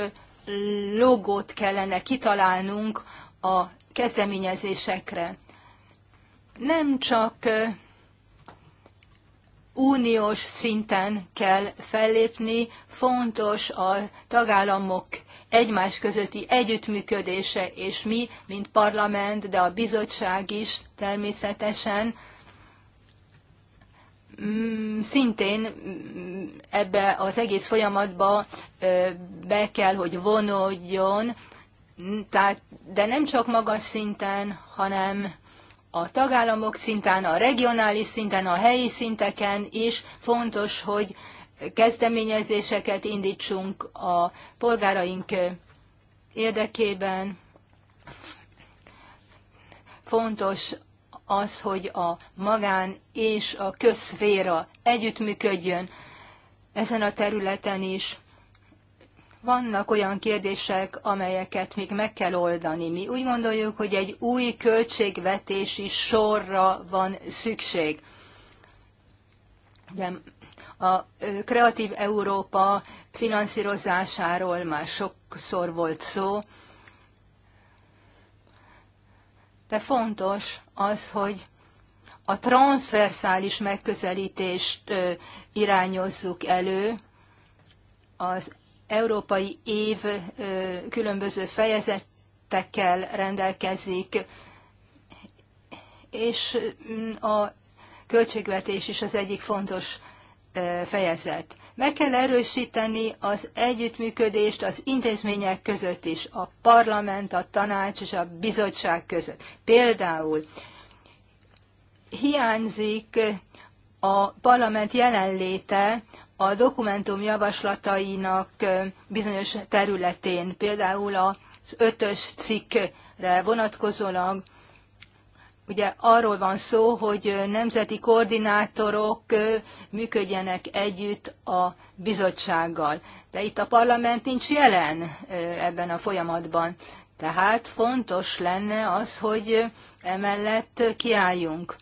logót kellene kitalálnunk a kezdeményezésekre. Nem csak uniós szinten kell fellépni, fontos a tagállamok egymás közötti együttműködése, és mi, mint parlament, de a bizottság is természetesen mm, szintén mm, ebbe az egész folyamatba be kell, hogy vonódjon, tehát, de nem csak magas szinten, hanem a tagállamok szinten, a regionális szinten, a helyi szinteken is fontos, hogy kezdeményezéseket indítsunk a polgáraink érdekében. Fontos az, hogy a magán és a közszféra együttműködjön ezen a területen is vannak olyan kérdések, amelyeket még meg kell oldani. Mi úgy gondoljuk, hogy egy új költségvetési sorra van szükség. Ugye a Kreatív Európa finanszírozásáról már sokszor volt szó, de fontos az, hogy a transzverszális megközelítést irányozzuk elő az európai év különböző fejezetekkel rendelkezik, és mm, a költségvetés is az egyik fontos fejezet. Meg kell erősíteni az együttműködést az intézmények között is, a parlament, a tanács és a bizottság között. Például hiányzik a parlament jelenléte a dokumentum javaslatainak bizonyos területén, például az ötös cikkre vonatkozólag, ugye arról van szó, hogy nemzeti koordinátorok működjenek együtt a bizottsággal. De itt a parlament nincs jelen ebben a folyamatban. Tehát fontos lenne az, hogy emellett kiálljunk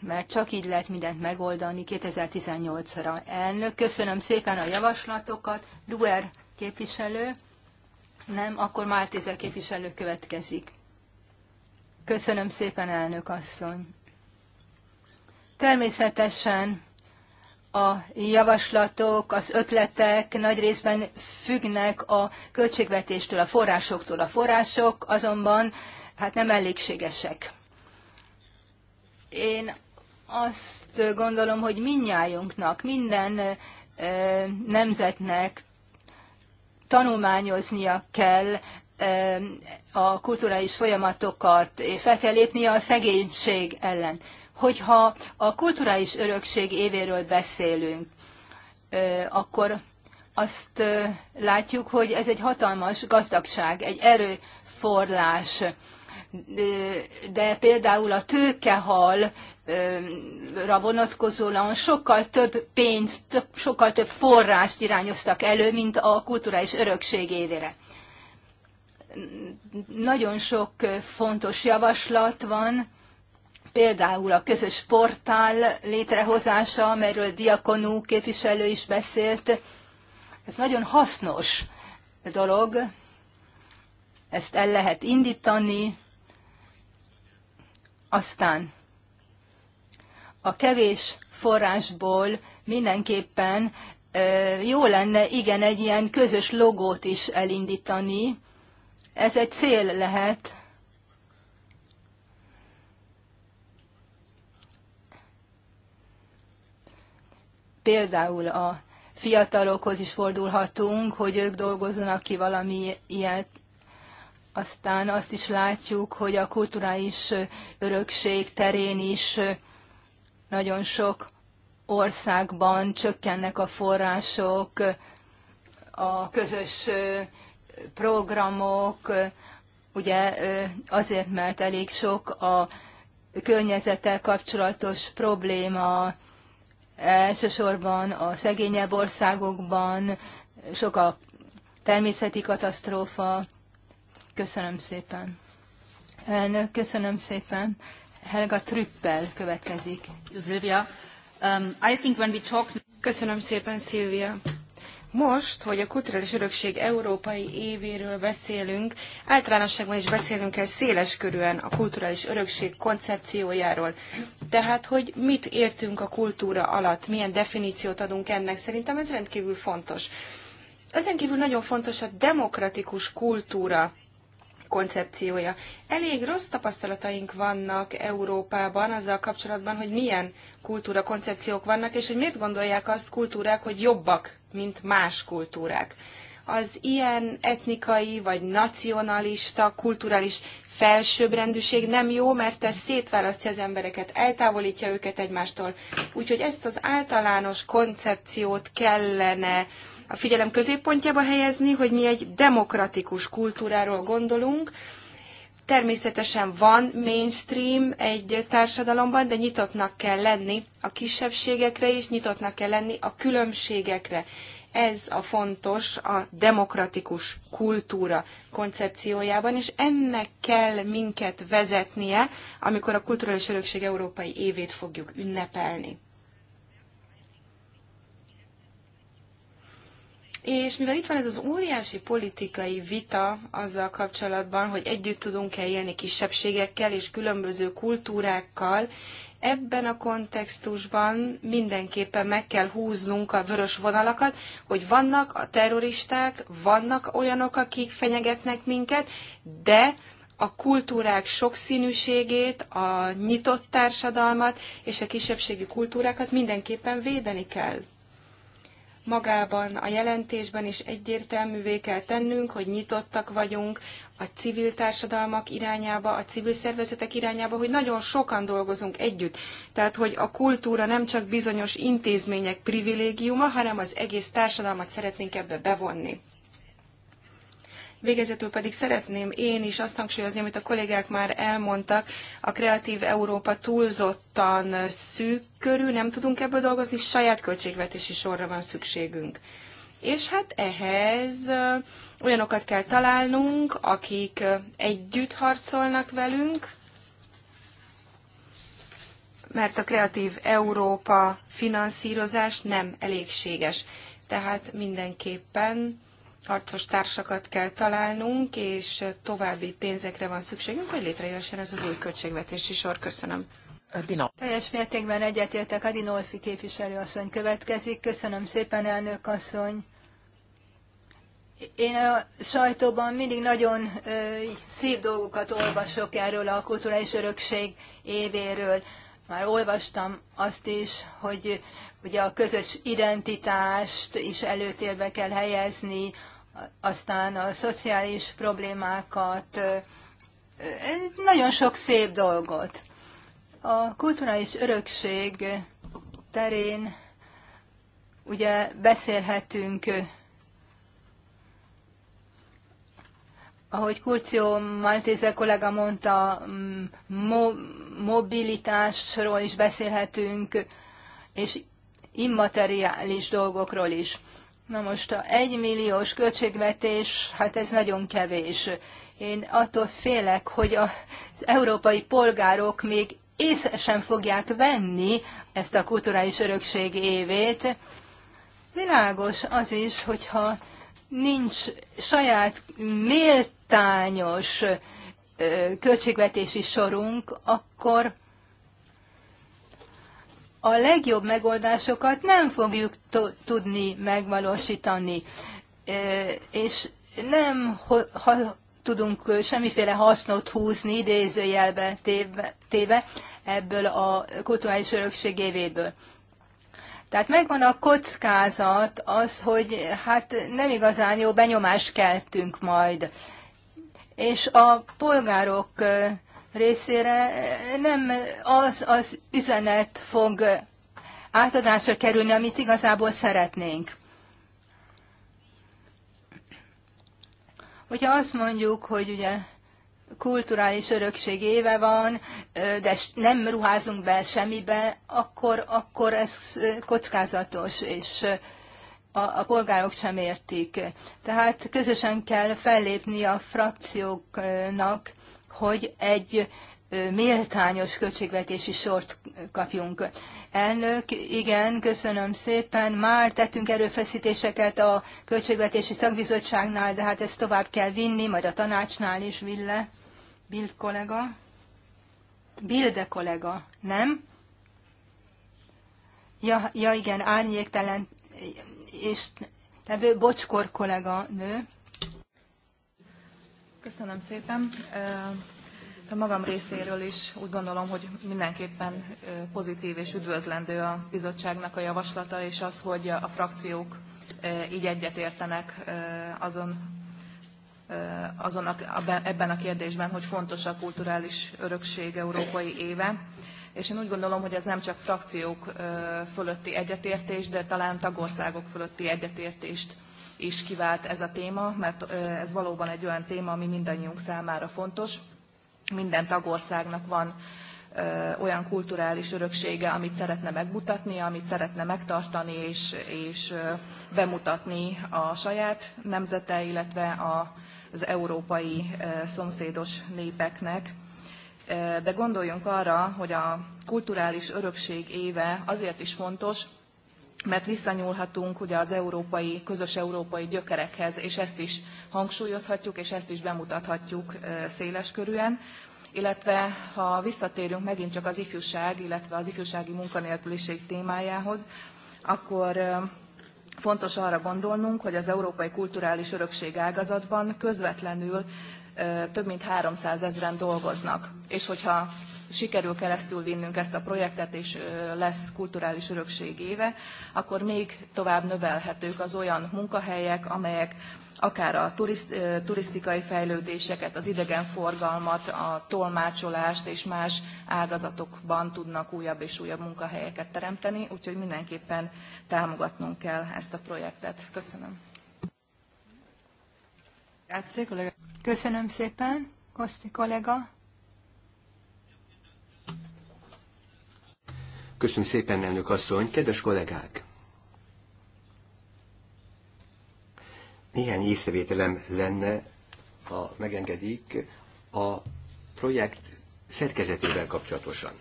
mert csak így lehet mindent megoldani 2018-ra. Elnök, köszönöm szépen a javaslatokat. Duer képviselő, nem, akkor Máltézer képviselő következik. Köszönöm szépen, elnök asszony. Természetesen a javaslatok, az ötletek nagy részben függnek a költségvetéstől, a forrásoktól. A források azonban hát nem elégségesek. Én azt gondolom, hogy minnyájunknak, minden nemzetnek tanulmányoznia kell a kulturális folyamatokat, és fel kell lépni a szegénység ellen. Hogyha a kulturális örökség évéről beszélünk, akkor azt látjuk, hogy ez egy hatalmas gazdagság, egy erőforlás. De például a tőkehal ra vonatkozóan sokkal több pénzt, sokkal több forrást irányoztak elő, mint a kulturális örökség évére. Nagyon sok fontos javaslat van, például a közös portál létrehozása, amelyről Diakonú képviselő is beszélt. Ez nagyon hasznos dolog, ezt el lehet indítani, aztán a kevés forrásból mindenképpen jó lenne, igen, egy ilyen közös logót is elindítani. Ez egy cél lehet. Például a fiatalokhoz is fordulhatunk, hogy ők dolgozzanak ki valami ilyet. Aztán azt is látjuk, hogy a kulturális örökség terén is nagyon sok országban csökkennek a források, a közös programok, ugye azért, mert elég sok a környezettel kapcsolatos probléma, elsősorban a szegényebb országokban, sok a természeti katasztrófa. Köszönöm szépen. Elnök, köszönöm szépen. Helga Trüppel következik. Silvia, um, I think when we talk... Köszönöm szépen, Szilvia. Most, hogy a kulturális örökség európai évéről beszélünk, általánosságban is beszélünk el széles körűen a kulturális örökség koncepciójáról. Tehát, hogy mit értünk a kultúra alatt, milyen definíciót adunk ennek, szerintem ez rendkívül fontos. Ezen kívül nagyon fontos a demokratikus kultúra koncepciója. Elég rossz tapasztalataink vannak Európában azzal kapcsolatban, hogy milyen kultúra koncepciók vannak, és hogy miért gondolják azt kultúrák, hogy jobbak, mint más kultúrák. Az ilyen etnikai vagy nacionalista, kulturális felsőbbrendűség nem jó, mert ez szétválasztja az embereket, eltávolítja őket egymástól. Úgyhogy ezt az általános koncepciót kellene a figyelem középpontjába helyezni, hogy mi egy demokratikus kultúráról gondolunk, Természetesen van mainstream egy társadalomban, de nyitottnak kell lenni a kisebbségekre is, nyitottnak kell lenni a különbségekre. Ez a fontos a demokratikus kultúra koncepciójában, és ennek kell minket vezetnie, amikor a Kulturális Örökség Európai Évét fogjuk ünnepelni. És mivel itt van ez az óriási politikai vita azzal kapcsolatban, hogy együtt tudunk-e élni kisebbségekkel és különböző kultúrákkal, ebben a kontextusban mindenképpen meg kell húznunk a vörös vonalakat, hogy vannak a terroristák, vannak olyanok, akik fenyegetnek minket, de a kultúrák sokszínűségét, a nyitott társadalmat és a kisebbségi kultúrákat mindenképpen védeni kell magában a jelentésben is egyértelművé kell tennünk, hogy nyitottak vagyunk a civil társadalmak irányába, a civil szervezetek irányába, hogy nagyon sokan dolgozunk együtt. Tehát, hogy a kultúra nem csak bizonyos intézmények privilégiuma, hanem az egész társadalmat szeretnénk ebbe bevonni. Végezetül pedig szeretném én is azt hangsúlyozni, amit a kollégák már elmondtak, a kreatív Európa túlzottan szűk körül, nem tudunk ebből dolgozni, saját költségvetési sorra van szükségünk. És hát ehhez olyanokat kell találnunk, akik együtt harcolnak velünk, mert a Kreatív Európa finanszírozás nem elégséges. Tehát mindenképpen harcos társakat kell találnunk, és további pénzekre van szükségünk, hogy létrejöjjön ez az új költségvetési sor. Köszönöm. Dino. Teljes mértékben egyetértek. Adinolfi képviselőasszony következik. Köszönöm szépen, elnök asszony. Én a sajtóban mindig nagyon ö, szép dolgokat olvasok erről a kulturális örökség évéről. Már olvastam azt is, hogy ugye a közös identitást is előtérbe kell helyezni, aztán a szociális problémákat, nagyon sok szép dolgot. A kulturális örökség terén ugye beszélhetünk, ahogy Kurcio Maltéze kollega mondta, mo- mobilitásról is beszélhetünk, és immateriális dolgokról is. Na most a egymilliós költségvetés, hát ez nagyon kevés. Én attól félek, hogy az európai polgárok még észre sem fogják venni ezt a kulturális örökség évét. Világos az is, hogyha nincs saját méltányos költségvetési sorunk, akkor a legjobb megoldásokat nem fogjuk tudni megvalósítani, és nem ha tudunk semmiféle hasznot húzni idézőjelbe téve ebből a kulturális örökség évéből. Tehát megvan a kockázat az, hogy hát nem igazán jó benyomást keltünk majd. És a polgárok részére nem az az üzenet fog átadásra kerülni, amit igazából szeretnénk. Hogyha azt mondjuk, hogy ugye kulturális örökség éve van, de nem ruházunk be semmibe, akkor, akkor ez kockázatos, és a, a polgárok sem értik. Tehát közösen kell fellépni a frakcióknak, hogy egy méltányos költségvetési sort kapjunk. Elnök, igen, köszönöm szépen. Már tettünk erőfeszítéseket a Költségvetési Szakbizottságnál, de hát ezt tovább kell vinni, majd a tanácsnál is, Ville, Bild kollega. Bilde kollega, nem? Ja, ja igen, árnyéktelen, és nevő Bocskor kollega nő. Köszönöm szépen. A magam részéről is úgy gondolom, hogy mindenképpen pozitív és üdvözlendő a bizottságnak a javaslata, és az, hogy a frakciók így egyetértenek azon, azon a, ebben a kérdésben, hogy fontos a kulturális örökség európai éve. És én úgy gondolom, hogy ez nem csak frakciók fölötti egyetértés, de talán tagországok fölötti egyetértést is kivált ez a téma, mert ez valóban egy olyan téma, ami mindannyiunk számára fontos. Minden tagországnak van olyan kulturális öröksége, amit szeretne megmutatni, amit szeretne megtartani és, és bemutatni a saját nemzete, illetve a, az európai szomszédos népeknek. De gondoljunk arra, hogy a kulturális örökség éve azért is fontos, mert visszanyúlhatunk ugye az európai, közös európai gyökerekhez, és ezt is hangsúlyozhatjuk, és ezt is bemutathatjuk széles körűen. Illetve ha visszatérünk megint csak az ifjúság, illetve az ifjúsági munkanélküliség témájához, akkor fontos arra gondolnunk, hogy az európai kulturális örökség ágazatban közvetlenül több mint 300 ezeren dolgoznak. És hogyha sikerül keresztül vinnünk ezt a projektet, és lesz kulturális örökség éve, akkor még tovább növelhetők az olyan munkahelyek, amelyek akár a turisztikai fejlődéseket, az idegenforgalmat, a tolmácsolást és más ágazatokban tudnak újabb és újabb munkahelyeket teremteni, úgyhogy mindenképpen támogatnunk kell ezt a projektet. Köszönöm. Köszönöm szépen, Koszti kollega. Köszönöm szépen, elnök asszony. Kedves kollégák! Néhány észrevételem lenne, ha megengedik, a projekt szerkezetével kapcsolatosan.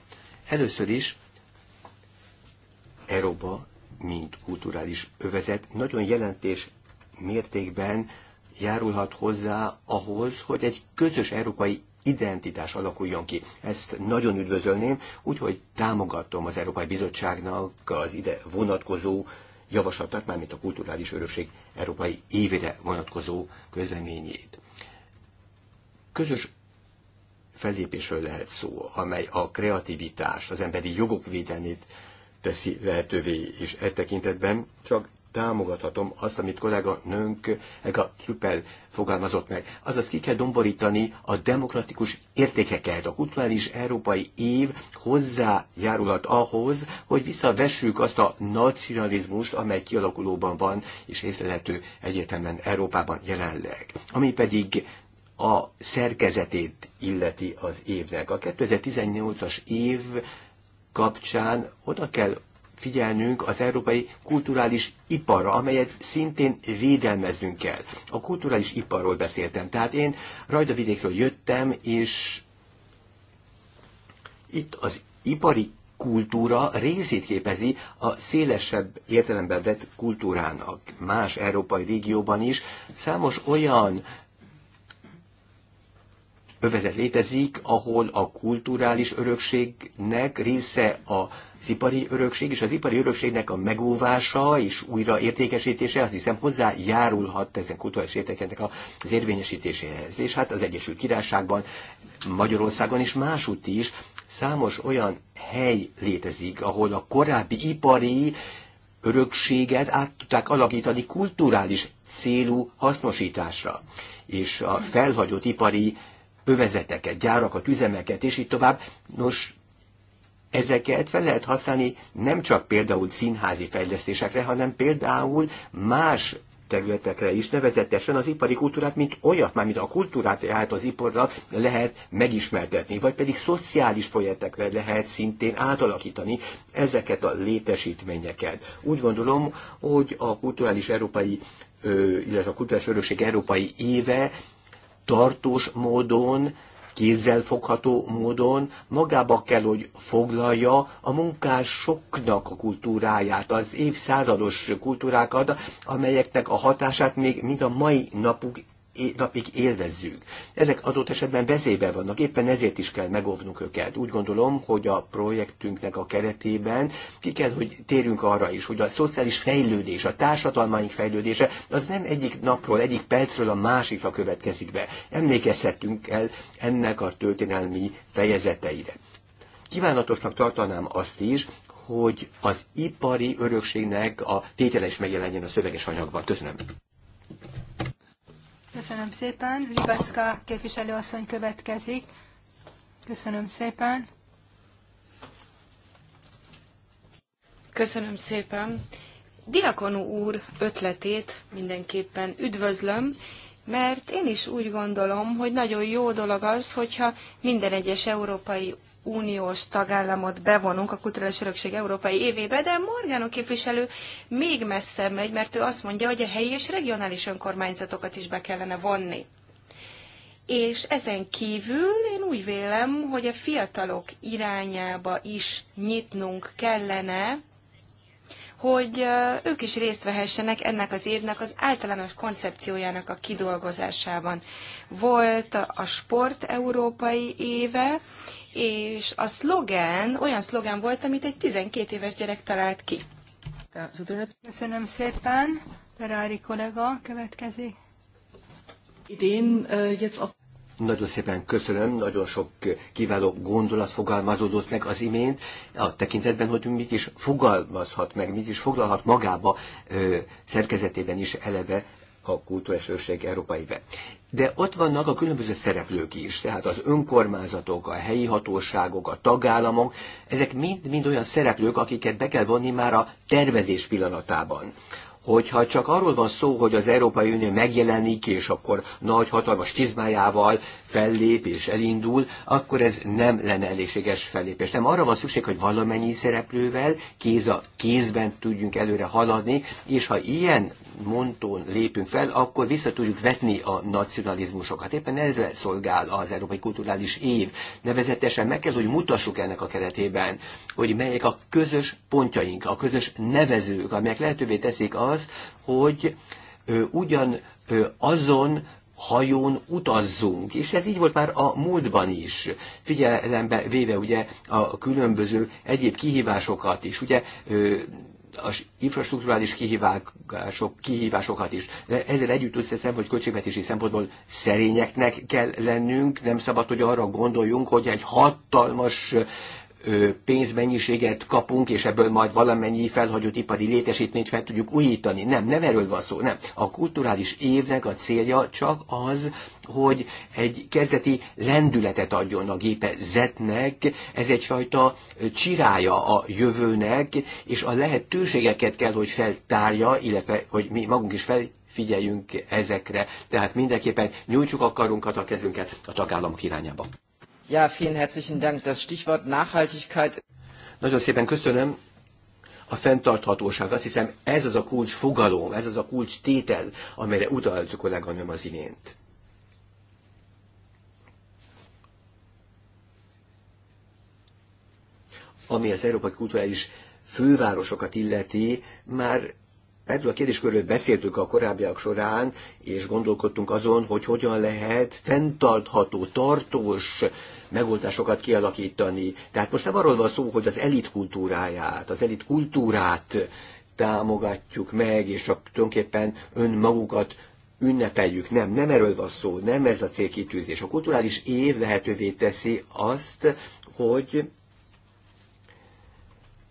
Először is Európa, mint kulturális övezet, nagyon jelentés mértékben járulhat hozzá ahhoz, hogy egy közös európai identitás alakuljon ki. Ezt nagyon üdvözölném, úgyhogy támogatom az Európai Bizottságnak az ide vonatkozó javaslatát, mármint a kulturális örökség európai évére vonatkozó közleményét. Közös fellépésről lehet szó, amely a kreativitás az emberi jogok védelmét teszi lehetővé, és e tekintetben csak támogathatom azt, amit kollega nőnk, Ega Trüppel fogalmazott meg. Azaz ki kell domborítani a demokratikus értékeket. A kulturális európai év hozzájárulhat ahhoz, hogy visszavessük azt a nacionalizmust, amely kialakulóban van, és észlelhető egyetemen Európában jelenleg. Ami pedig a szerkezetét illeti az évnek. A 2018-as év kapcsán oda kell figyelnünk az európai kulturális iparra, amelyet szintén védelmeznünk kell. A kulturális iparról beszéltem. Tehát én rajta vidékről jöttem, és itt az ipari kultúra részét képezi a szélesebb értelemben vett kultúrának. Más európai régióban is számos olyan övezet létezik, ahol a kulturális örökségnek része a az ipari örökség, és az ipari örökségnek a megóvása és újraértékesítése azt hiszem hozzájárulhat ezen kulturális értékeknek az érvényesítéséhez. És hát az Egyesült Királyságban, Magyarországon és másút is számos olyan hely létezik, ahol a korábbi ipari örökséget át tudták alakítani kulturális célú hasznosításra. És a felhagyott ipari övezeteket, gyárakat, üzemeket, és így tovább. Nos, ezeket fel lehet használni nem csak például színházi fejlesztésekre, hanem például más területekre is, nevezetesen az ipari kultúrát, mint olyat, már mint a kultúrát, tehát az iparra lehet megismertetni, vagy pedig szociális projektekre lehet szintén átalakítani ezeket a létesítményeket. Úgy gondolom, hogy a kulturális európai, illetve a kulturális örökség európai éve tartós módon kézzelfogható módon magába kell, hogy foglalja a munkásoknak a kultúráját, az évszázados kultúrákat, amelyeknek a hatását még mind a mai napuk napig élvezzük. Ezek adott esetben veszélyben vannak, éppen ezért is kell megóvnunk őket. Úgy gondolom, hogy a projektünknek a keretében ki kell, hogy térjünk arra is, hogy a szociális fejlődés, a társadalmaink fejlődése, az nem egyik napról, egyik percről a másikra következik be. Emlékezhetünk el ennek a történelmi fejezeteire. Kívánatosnak tartanám azt is, hogy az ipari örökségnek a tétele is megjelenjen a szöveges anyagban. Köszönöm. Köszönöm szépen. Libeszka képviselőasszony következik. Köszönöm szépen. Köszönöm szépen. Diakonú úr ötletét mindenképpen üdvözlöm, mert én is úgy gondolom, hogy nagyon jó dolog az, hogyha minden egyes európai uniós tagállamot bevonunk a kulturális örökség európai évébe, de Morgano képviselő még messzebb megy, mert ő azt mondja, hogy a helyi és regionális önkormányzatokat is be kellene vonni. És ezen kívül én úgy vélem, hogy a fiatalok irányába is nyitnunk kellene, hogy ők is részt vehessenek ennek az évnek az általános koncepciójának a kidolgozásában. Volt a Sport Európai éve, és a szlogen olyan szlogen volt, amit egy 12 éves gyerek talált ki. Köszönöm szépen. Ferrari kollega következik. Idén uh, jetzt a... nagyon szépen köszönöm, nagyon sok kiváló gondolat fogalmazódott meg az imént, a tekintetben, hogy mit is fogalmazhat meg, mit is foglalhat magába ö, szerkezetében is eleve a kultúrás őrség európai be. De ott vannak a különböző szereplők is, tehát az önkormányzatok, a helyi hatóságok, a tagállamok, ezek mind-mind olyan szereplők, akiket be kell vonni már a tervezés pillanatában hogyha csak arról van szó, hogy az Európai Unió megjelenik, és akkor nagy hatalmas tizmájával fellép és elindul, akkor ez nem lenne elégséges fellépés. Nem arra van szükség, hogy valamennyi szereplővel kéz a kézben tudjunk előre haladni, és ha ilyen monton lépünk fel, akkor vissza tudjuk vetni a nacionalizmusokat. Éppen erre szolgál az Európai Kulturális Év. Nevezetesen meg kell, hogy mutassuk ennek a keretében, hogy melyek a közös pontjaink, a közös nevezők, amelyek lehetővé teszik azt, hogy ö, ugyan ö, azon hajón utazzunk. És ez így volt már a múltban is, figyelembe véve ugye a különböző egyéb kihívásokat is. Ugye ö, az infrastruktúrális kihívások, kihívásokat is. De ezzel együtt összeszem, hogy költségvetési szempontból szerényeknek kell lennünk, nem szabad, hogy arra gondoljunk, hogy egy hatalmas pénzmennyiséget kapunk, és ebből majd valamennyi felhagyott ipari létesítményt fel tudjuk újítani. Nem, nem erről van szó, nem. A kulturális évnek a célja csak az, hogy egy kezdeti lendületet adjon a gépezetnek, ez egyfajta csirája a jövőnek, és a lehetőségeket kell, hogy feltárja, illetve hogy mi magunk is fel figyeljünk ezekre. Tehát mindenképpen nyújtsuk a karunkat, a kezünket a tagállamok irányába. Ja, vielen herzlichen Dank. Das Stichwort Nachhaltigkeit. Nagyon szépen köszönöm a fenntarthatóság. Azt hiszem ez az a kulcs fogalom, ez az a kulcs tétel, amelyre utalt a kolléganőm az imént. Ami az európai kulturális fővárosokat illeti, már Erről a kérdéskörről beszéltünk a korábbiak során, és gondolkodtunk azon, hogy hogyan lehet fenntartható, tartós megoldásokat kialakítani. Tehát most nem arról van szó, hogy az elit kultúráját, az elit kultúrát támogatjuk meg, és csak tulajdonképpen önmagukat ünnepeljük. Nem, nem erről van szó, nem ez a célkitűzés. A kulturális év lehetővé teszi azt, hogy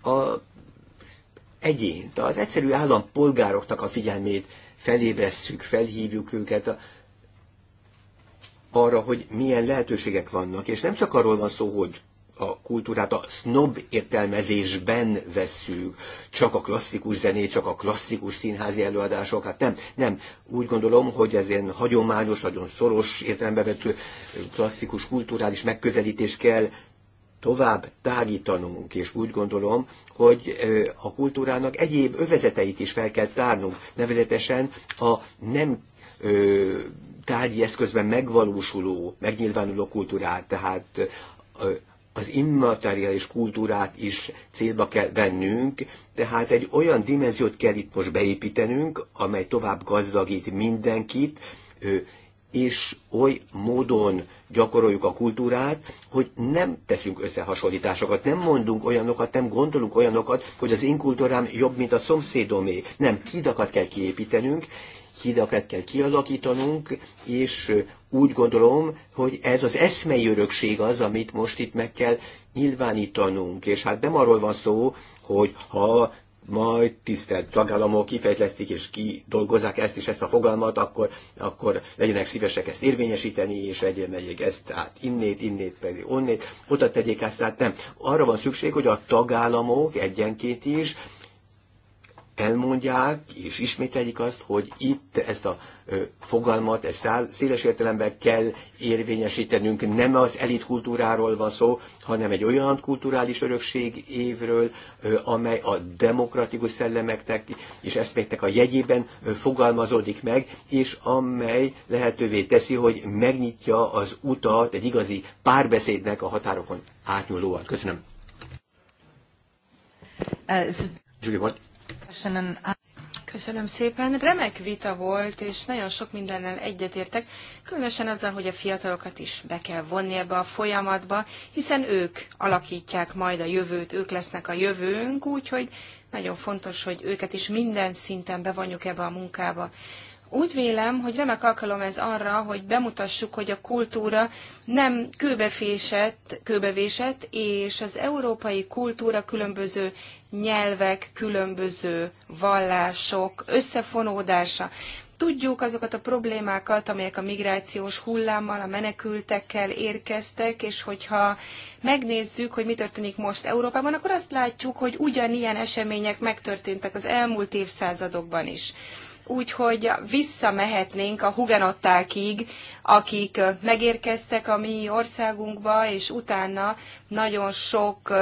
a egyént, az egyszerű állampolgároknak a figyelmét felébresszük, felhívjuk őket a arra, hogy milyen lehetőségek vannak, és nem csak arról van szó, hogy a kultúrát a snob értelmezésben vesszük, csak a klasszikus zenét, csak a klasszikus színházi előadások, hát nem, nem. Úgy gondolom, hogy ez ilyen hagyományos, nagyon szoros értelembe vető klasszikus kulturális megközelítés kell tovább tágítanunk, és úgy gondolom, hogy a kultúrának egyéb övezeteit is fel kell tárnunk, nevezetesen a nem tárgyi eszközben megvalósuló, megnyilvánuló kultúrát, tehát az immateriális kultúrát is célba kell vennünk, tehát egy olyan dimenziót kell itt most beépítenünk, amely tovább gazdagít mindenkit, és oly módon gyakoroljuk a kultúrát, hogy nem teszünk összehasonlításokat, nem mondunk olyanokat, nem gondolunk olyanokat, hogy az én kultúrám jobb, mint a szomszédomé. Nem, hidakat kell kiépítenünk, hidakat kell kialakítanunk, és úgy gondolom, hogy ez az eszmei örökség az, amit most itt meg kell nyilvánítanunk. És hát nem arról van szó, hogy ha majd tisztelt tagállamok kifejlesztik és kidolgozzák ezt és ezt a fogalmat, akkor, akkor legyenek szívesek ezt érvényesíteni, és egyenlegyék ezt tehát innét, innét, pedig onnét, oda tegyék ezt tehát nem. Arra van szükség, hogy a tagállamok egyenként is elmondják és ismételjük azt, hogy itt ezt a fogalmat, ezt széles értelemben kell érvényesítenünk. Nem az elit kultúráról van szó, hanem egy olyan kulturális örökség évről, amely a demokratikus szellemeknek és eszméknek a jegyében fogalmazódik meg, és amely lehetővé teszi, hogy megnyitja az utat egy igazi párbeszédnek a határokon átnyúlóan. Köszönöm. Ez... Julie what? Köszönöm. szépen. Remek vita volt, és nagyon sok mindennel egyetértek, különösen azzal, hogy a fiatalokat is be kell vonni ebbe a folyamatba, hiszen ők alakítják majd a jövőt, ők lesznek a jövőnk, úgyhogy nagyon fontos, hogy őket is minden szinten bevonjuk ebbe a munkába. Úgy vélem, hogy remek alkalom ez arra, hogy bemutassuk, hogy a kultúra nem kőbefésett, kőbevésett, és az európai kultúra különböző nyelvek, különböző vallások összefonódása. Tudjuk azokat a problémákat, amelyek a migrációs hullámmal, a menekültekkel érkeztek, és hogyha megnézzük, hogy mi történik most Európában, akkor azt látjuk, hogy ugyanilyen események megtörténtek az elmúlt évszázadokban is úgyhogy visszamehetnénk a hugenottákig, akik megérkeztek a mi országunkba, és utána nagyon sok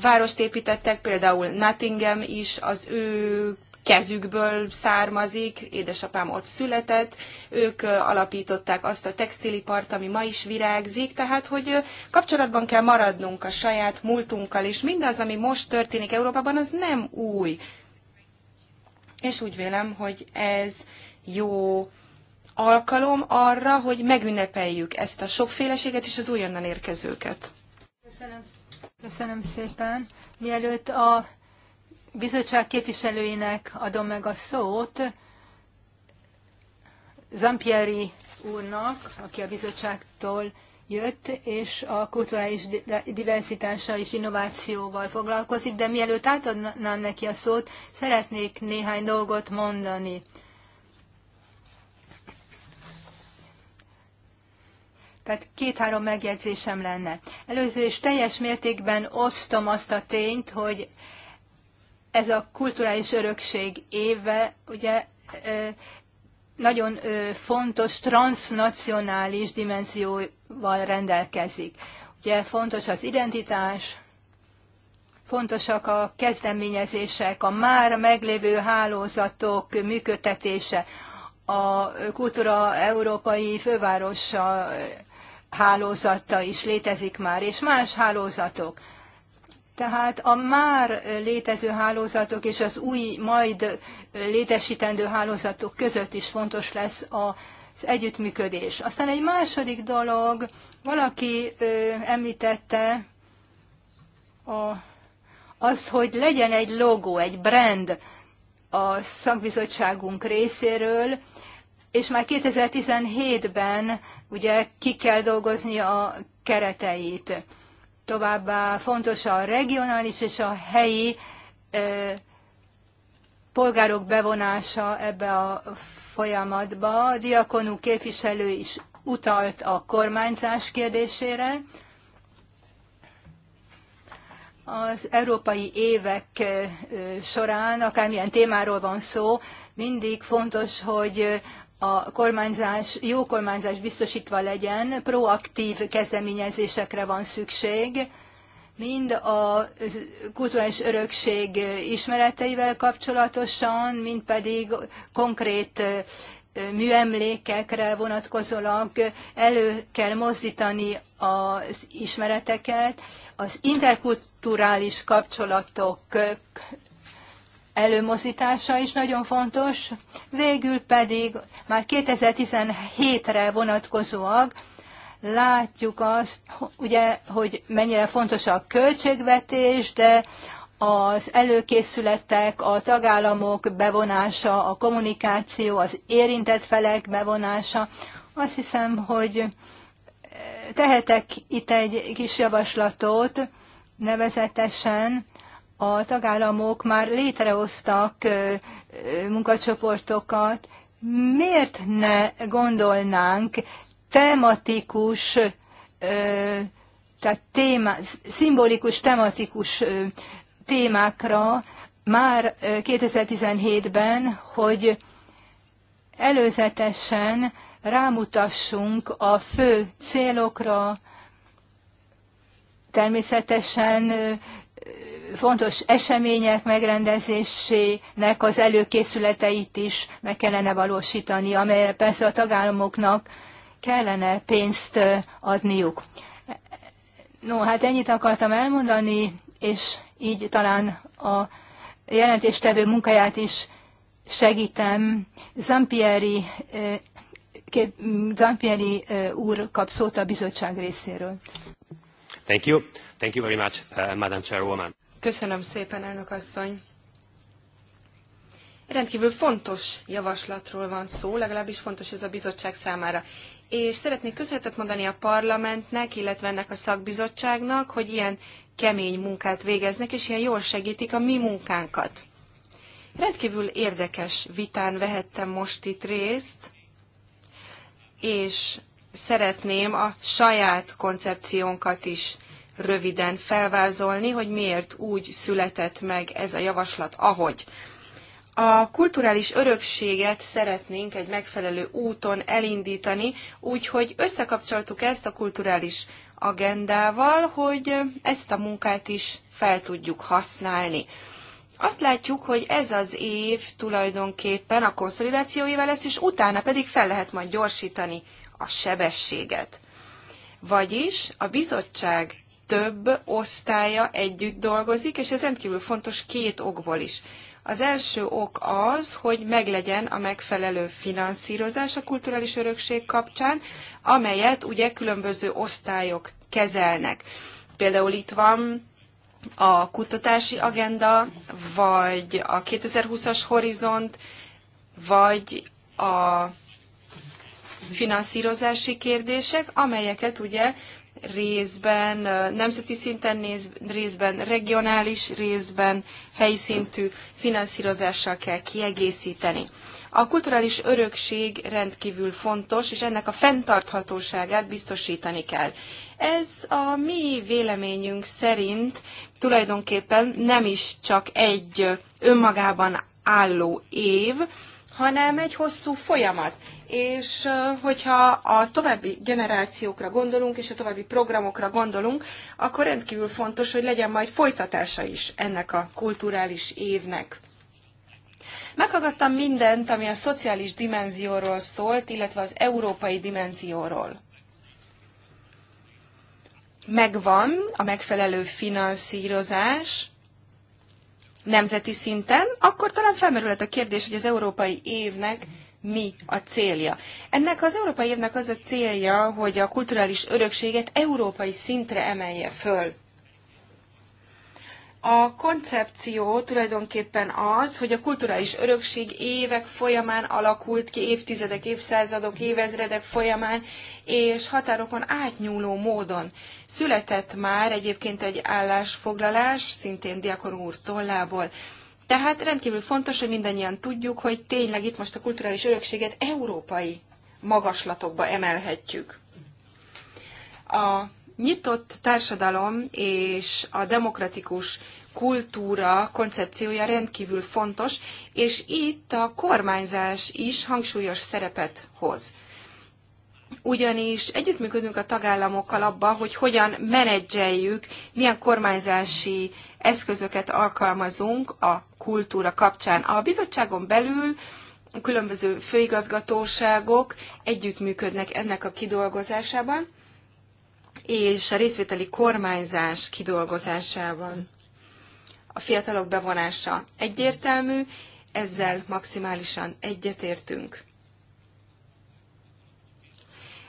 várost építettek, például Nottingham is az ő kezükből származik, édesapám ott született, ők alapították azt a textilipart, ami ma is virágzik, tehát hogy kapcsolatban kell maradnunk a saját múltunkkal, és mindaz, ami most történik Európában, az nem új és úgy vélem, hogy ez jó alkalom arra, hogy megünnepeljük ezt a sokféleséget és az újonnan érkezőket. Köszönöm, köszönöm szépen. Mielőtt a bizottság képviselőinek adom meg a szót, Zampieri úrnak, aki a bizottságtól jött, és a kulturális diversitással és innovációval foglalkozik, de mielőtt átadnám neki a szót, szeretnék néhány dolgot mondani. Tehát két-három megjegyzésem lenne. Először is teljes mértékben osztom azt a tényt, hogy ez a kulturális örökség éve, ugye nagyon fontos transnacionális dimenzió val rendelkezik. Ugye fontos az identitás, fontosak a kezdeményezések, a már meglévő hálózatok működtetése, a Kultúra Európai Fővárosa hálózata is létezik már, és más hálózatok. Tehát a már létező hálózatok és az új, majd létesítendő hálózatok között is fontos lesz a az együttműködés. Aztán egy második dolog, valaki ö, említette a, az, hogy legyen egy logó, egy brand a szakbizottságunk részéről, és már 2017-ben ugye ki kell dolgozni a kereteit. Továbbá fontos a regionális és a helyi ö, polgárok bevonása ebbe a folyamatba. A diakonú képviselő is utalt a kormányzás kérdésére. Az európai évek során, akármilyen témáról van szó, mindig fontos, hogy a kormányzás, jó kormányzás biztosítva legyen, proaktív kezdeményezésekre van szükség, mind a kulturális örökség ismereteivel kapcsolatosan, mind pedig konkrét műemlékekre vonatkozólag elő kell mozdítani az ismereteket, az interkulturális kapcsolatok előmozítása is nagyon fontos, végül pedig már 2017-re vonatkozóak látjuk azt, ugye, hogy mennyire fontos a költségvetés, de az előkészületek, a tagállamok bevonása, a kommunikáció, az érintett felek bevonása. Azt hiszem, hogy eh, tehetek itt egy kis javaslatot, nevezetesen a tagállamok már létrehoztak eh, eh, munkacsoportokat, miért ne gondolnánk tematikus, tehát téma, szimbolikus, tematikus témákra már 2017-ben, hogy előzetesen rámutassunk a fő célokra, természetesen fontos események megrendezésének az előkészületeit is meg kellene valósítani, amelyre persze a tagállamoknak kellene pénzt adniuk. No, hát ennyit akartam elmondani, és így talán a jelentéstevő munkáját is segítem. Zampieri, Zampieri úr kap szót a bizottság részéről. Thank you. Thank you very much, uh, Madam Chairwoman. Köszönöm szépen, elnök asszony. Rendkívül fontos javaslatról van szó, legalábbis fontos ez a bizottság számára és szeretnék köszönetet mondani a parlamentnek, illetve ennek a szakbizottságnak, hogy ilyen kemény munkát végeznek, és ilyen jól segítik a mi munkánkat. Rendkívül érdekes vitán vehettem most itt részt, és szeretném a saját koncepciónkat is röviden felvázolni, hogy miért úgy született meg ez a javaslat, ahogy. A kulturális örökséget szeretnénk egy megfelelő úton elindítani, úgyhogy összekapcsoltuk ezt a kulturális agendával, hogy ezt a munkát is fel tudjuk használni. Azt látjuk, hogy ez az év tulajdonképpen a konszolidációival lesz, és utána pedig fel lehet majd gyorsítani a sebességet. Vagyis a bizottság több osztálya együtt dolgozik, és ez rendkívül fontos két okból is. Az első ok az, hogy meglegyen a megfelelő finanszírozás a kulturális örökség kapcsán, amelyet ugye különböző osztályok kezelnek. Például itt van a kutatási agenda, vagy a 2020-as horizont, vagy a finanszírozási kérdések, amelyeket ugye részben nemzeti szinten, néz, részben regionális, részben helyi szintű finanszírozással kell kiegészíteni. A kulturális örökség rendkívül fontos, és ennek a fenntarthatóságát biztosítani kell. Ez a mi véleményünk szerint tulajdonképpen nem is csak egy önmagában álló év, hanem egy hosszú folyamat és hogyha a további generációkra gondolunk, és a további programokra gondolunk, akkor rendkívül fontos, hogy legyen majd folytatása is ennek a kulturális évnek. Meghallgattam mindent, ami a szociális dimenzióról szólt, illetve az európai dimenzióról. Megvan a megfelelő finanszírozás, nemzeti szinten, akkor talán felmerülhet a kérdés, hogy az európai évnek mi a célja. Ennek az európai évnek az a célja, hogy a kulturális örökséget európai szintre emelje föl. A koncepció tulajdonképpen az, hogy a kulturális örökség évek folyamán alakult ki, évtizedek, évszázadok, évezredek folyamán, és határokon átnyúló módon. Született már egyébként egy állásfoglalás, szintén Diakon úr tollából, tehát rendkívül fontos, hogy mindannyian tudjuk, hogy tényleg itt most a kulturális örökséget európai magaslatokba emelhetjük. A nyitott társadalom és a demokratikus kultúra koncepciója rendkívül fontos, és itt a kormányzás is hangsúlyos szerepet hoz. Ugyanis együttműködünk a tagállamokkal abban, hogy hogyan menedzseljük, milyen kormányzási eszközöket alkalmazunk a kultúra kapcsán. A bizottságon belül különböző főigazgatóságok együttműködnek ennek a kidolgozásában, és a részvételi kormányzás kidolgozásában. A fiatalok bevonása egyértelmű, ezzel maximálisan egyetértünk.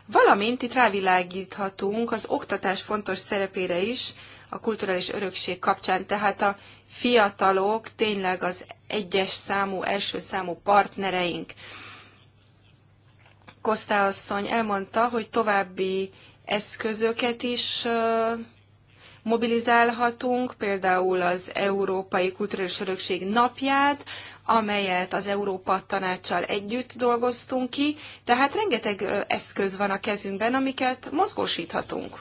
Valamint itt rávilágíthatunk az oktatás fontos szerepére is a kulturális örökség kapcsán, tehát a fiatalok tényleg az egyes számú, első számú partnereink. Kosztá asszony elmondta, hogy további eszközöket is mobilizálhatunk, például az Európai Kulturális Örökség napját, amelyet az Európa Tanácssal együtt dolgoztunk ki, tehát rengeteg eszköz van a kezünkben, amiket mozgósíthatunk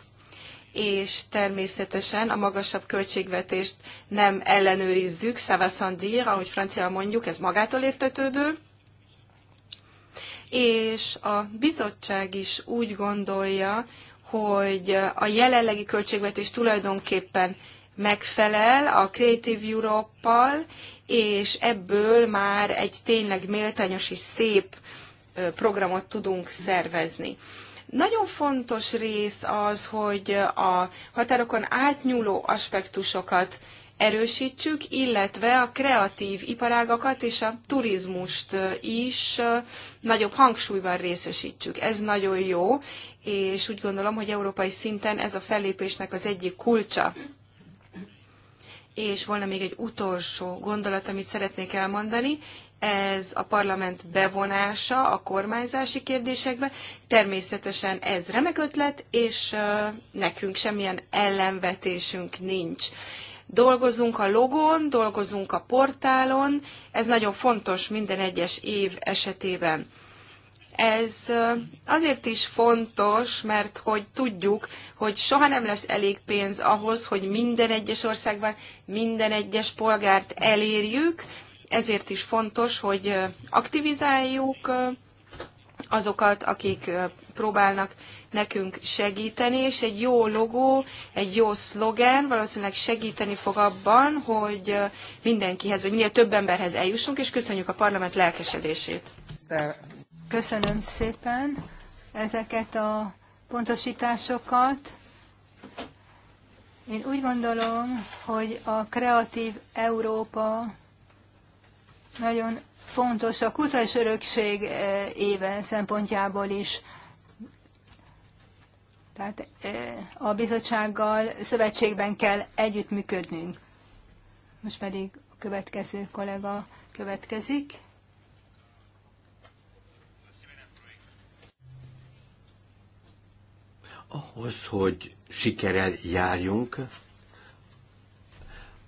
és természetesen a magasabb költségvetést nem ellenőrizzük, szavaszandír, ahogy francia mondjuk, ez magától értetődő. És a bizottság is úgy gondolja, hogy a jelenlegi költségvetés tulajdonképpen megfelel a Creative Europe-pal, és ebből már egy tényleg méltányos és szép programot tudunk szervezni. Nagyon fontos rész az, hogy a határokon átnyúló aspektusokat erősítsük, illetve a kreatív iparágakat és a turizmust is nagyobb hangsúlyban részesítsük. Ez nagyon jó, és úgy gondolom, hogy európai szinten ez a fellépésnek az egyik kulcsa. És volna még egy utolsó gondolat, amit szeretnék elmondani ez a parlament bevonása a kormányzási kérdésekbe. Természetesen ez remek ötlet, és nekünk semmilyen ellenvetésünk nincs. Dolgozunk a logon, dolgozunk a portálon, ez nagyon fontos minden egyes év esetében. Ez azért is fontos, mert hogy tudjuk, hogy soha nem lesz elég pénz ahhoz, hogy minden egyes országban minden egyes polgárt elérjük, ezért is fontos, hogy aktivizáljuk azokat, akik próbálnak nekünk segíteni, és egy jó logó, egy jó szlogen valószínűleg segíteni fog abban, hogy mindenkihez, vagy minél több emberhez eljussunk, és köszönjük a parlament lelkesedését. Köszönöm szépen ezeket a pontosításokat. Én úgy gondolom, hogy a Kreatív Európa nagyon fontos a kutas örökség eh, éve szempontjából is. Tehát eh, a bizottsággal szövetségben kell együttműködnünk. Most pedig a következő kollega következik. Ahhoz, hogy sikerel járjunk,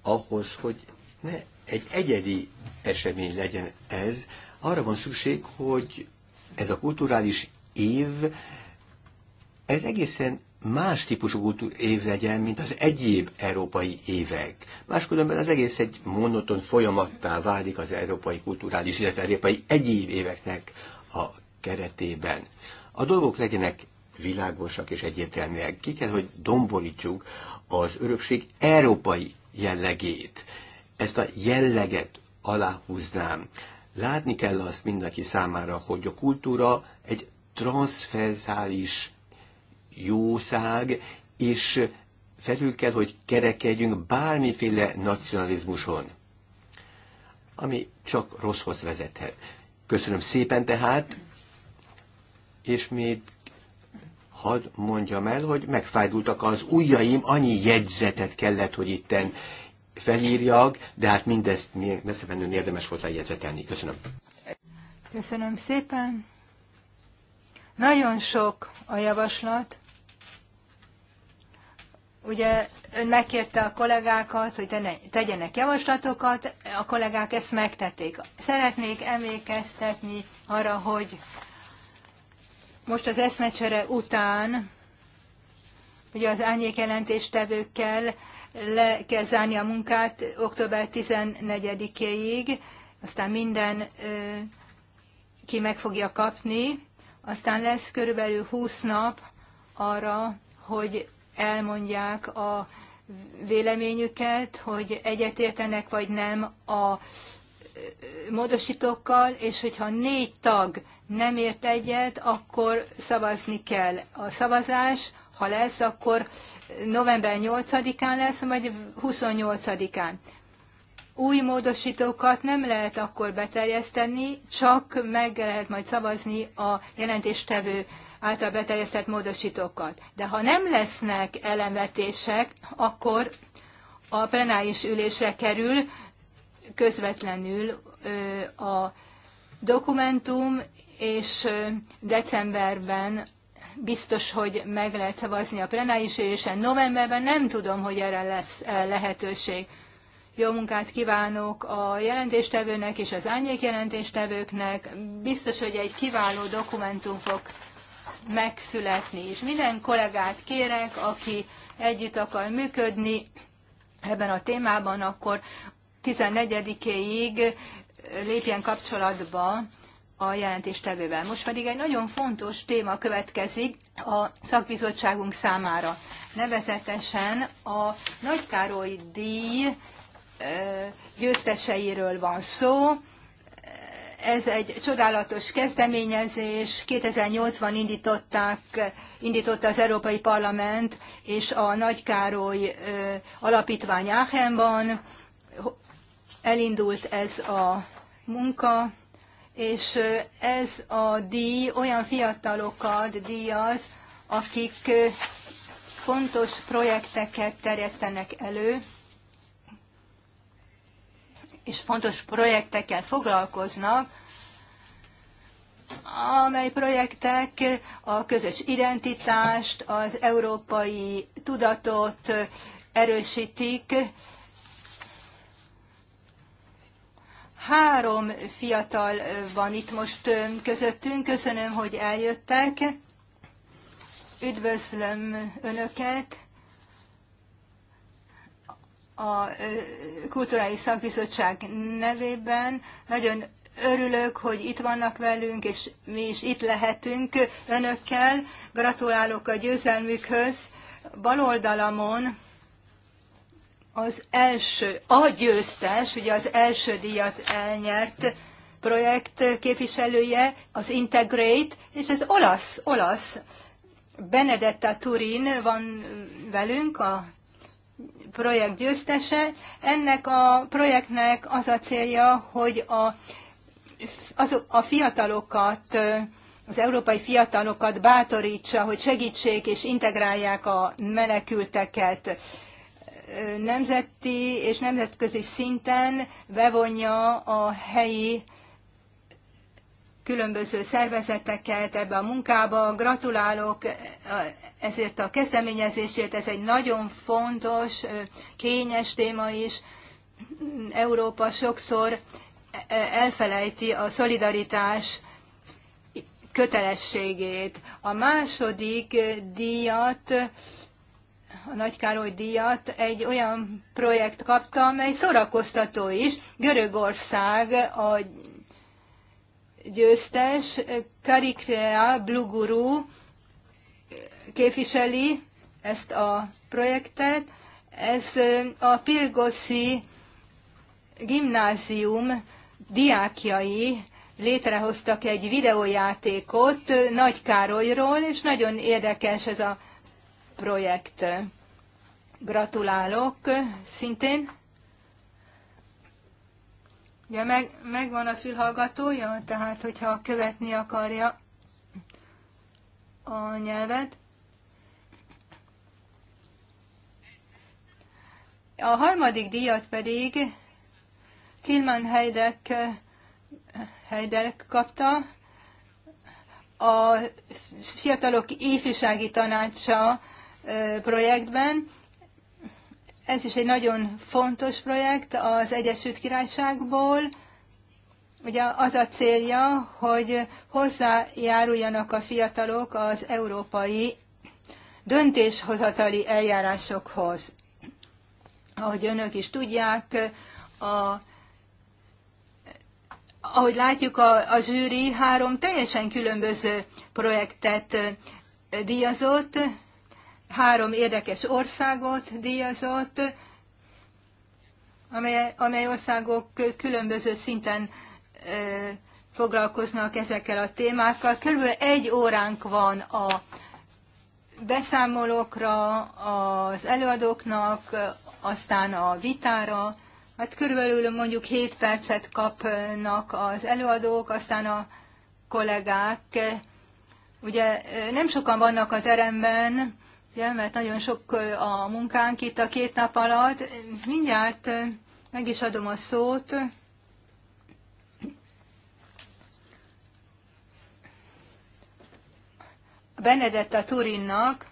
ahhoz, hogy ne egy egyedi esemény legyen ez, arra van szükség, hogy ez a kulturális év, ez egészen más típusú év legyen, mint az egyéb európai évek. Máskülönben az egész egy monoton folyamattá válik az európai kulturális, illetve európai egyéb éveknek a keretében. A dolgok legyenek világosak és egyértelműek. Ki kell, hogy domborítsuk az örökség európai jellegét ezt a jelleget aláhúznám. Látni kell azt mindenki számára, hogy a kultúra egy transzferzális jószág, és felül kell, hogy kerekedjünk bármiféle nacionalizmuson, ami csak rosszhoz vezethet. Köszönöm szépen tehát, és még hadd mondjam el, hogy megfájdultak az ujjaim, annyi jegyzetet kellett, hogy itten fehérjag, de hát mindezt még messze menően érdemes volt lejegyzetelni. Köszönöm. Köszönöm szépen. Nagyon sok a javaslat. Ugye ön megkérte a kollégákat, hogy tegyenek javaslatokat, a kollégák ezt megtették. Szeretnék emlékeztetni arra, hogy most az eszmecsere után, ugye az árnyékjelentéstevőkkel le kell zárni a munkát október 14-éig, aztán minden ki meg fogja kapni, aztán lesz körülbelül 20 nap arra, hogy elmondják a véleményüket, hogy egyetértenek vagy nem a módosítókkal, és hogyha négy tag nem ért egyet, akkor szavazni kell. A szavazás, ha lesz, akkor november 8-án lesz, vagy 28-án. Új módosítókat nem lehet akkor beterjeszteni, csak meg lehet majd szavazni a jelentéstevő által beterjesztett módosítókat. De ha nem lesznek elemetések, akkor a plenáris ülésre kerül közvetlenül a dokumentum, és decemberben biztos, hogy meg lehet szavazni a plenáris ülésen. Novemberben nem tudom, hogy erre lesz e, lehetőség. Jó munkát kívánok a jelentéstevőnek és az árnyék jelentéstevőknek. Biztos, hogy egy kiváló dokumentum fog megszületni. És minden kollégát kérek, aki együtt akar működni ebben a témában, akkor 14-éig lépjen kapcsolatba a jelentéstevővel. Most pedig egy nagyon fontos téma következik a szakbizottságunk számára. Nevezetesen a Nagykároly díj győzteseiről van szó. Ez egy csodálatos kezdeményezés. 2008-ban indították, indította az Európai Parlament és a Nagykároly Alapítvány Áchenban. Elindult ez a munka, és ez a díj olyan fiatalokat díjaz, akik fontos projekteket terjesztenek elő, és fontos projektekkel foglalkoznak, amely projektek a közös identitást, az európai tudatot erősítik, Három fiatal van itt most közöttünk. Köszönöm, hogy eljöttek. Üdvözlöm Önöket a Kulturális Szakbizottság nevében. Nagyon örülök, hogy itt vannak velünk, és mi is itt lehetünk Önökkel. Gratulálok a győzelmükhöz. Bal oldalamon az első, a győztes, ugye az első díjat elnyert projekt képviselője, az Integrate, és ez olasz, olasz. Benedetta Turin van velünk, a projekt győztese. Ennek a projektnek az a célja, hogy a, az a fiatalokat, az európai fiatalokat bátorítsa, hogy segítsék és integrálják a menekülteket nemzeti és nemzetközi szinten bevonja a helyi különböző szervezeteket ebbe a munkába. Gratulálok ezért a kezdeményezésért, ez egy nagyon fontos, kényes téma is. Európa sokszor elfelejti a szolidaritás kötelességét. A második díjat a Nagy Károly díjat egy olyan projekt kapta, amely szórakoztató is. Görögország a győztes, Karikrera Bluguru képviseli ezt a projektet. Ez a Pilgoszi gimnázium diákjai létrehoztak egy videójátékot Nagy Károlyról, és nagyon érdekes ez a projekt. Gratulálok szintén. Ugye meg, megvan a fülhallgatója, tehát hogyha követni akarja a nyelvet. A harmadik díjat pedig Tilman Heidek, Heidek kapta, a Fiatalok Ifjúsági Tanácsa projektben. Ez is egy nagyon fontos projekt az Egyesült Királyságból. Ugye az a célja, hogy hozzájáruljanak a fiatalok az európai döntéshozatali eljárásokhoz. Ahogy önök is tudják, a, ahogy látjuk, a, a zsűri három teljesen különböző projektet díjazott, három érdekes országot díjazott, amely, amely országok különböző szinten ö, foglalkoznak ezekkel a témákkal. Körülbelül egy óránk van a beszámolókra, az előadóknak, aztán a vitára. Hát körülbelül mondjuk 7 percet kapnak az előadók, aztán a kollégák. Ugye nem sokan vannak a teremben, ugye, mert nagyon sok a munkánk itt a két nap alatt. Mindjárt meg is adom a szót. Benedetta Turinnak,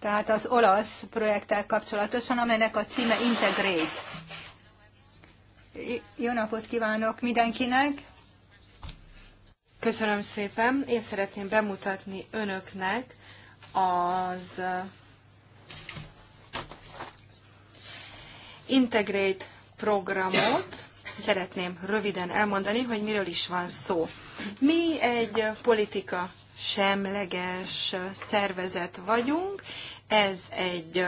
tehát az olasz projekttel kapcsolatosan, amelynek a címe Integrate. Jó napot kívánok mindenkinek! Köszönöm szépen! Én szeretném bemutatni önöknek az Integrate programot szeretném röviden elmondani, hogy miről is van szó. Mi egy politika semleges szervezet vagyunk. Ez egy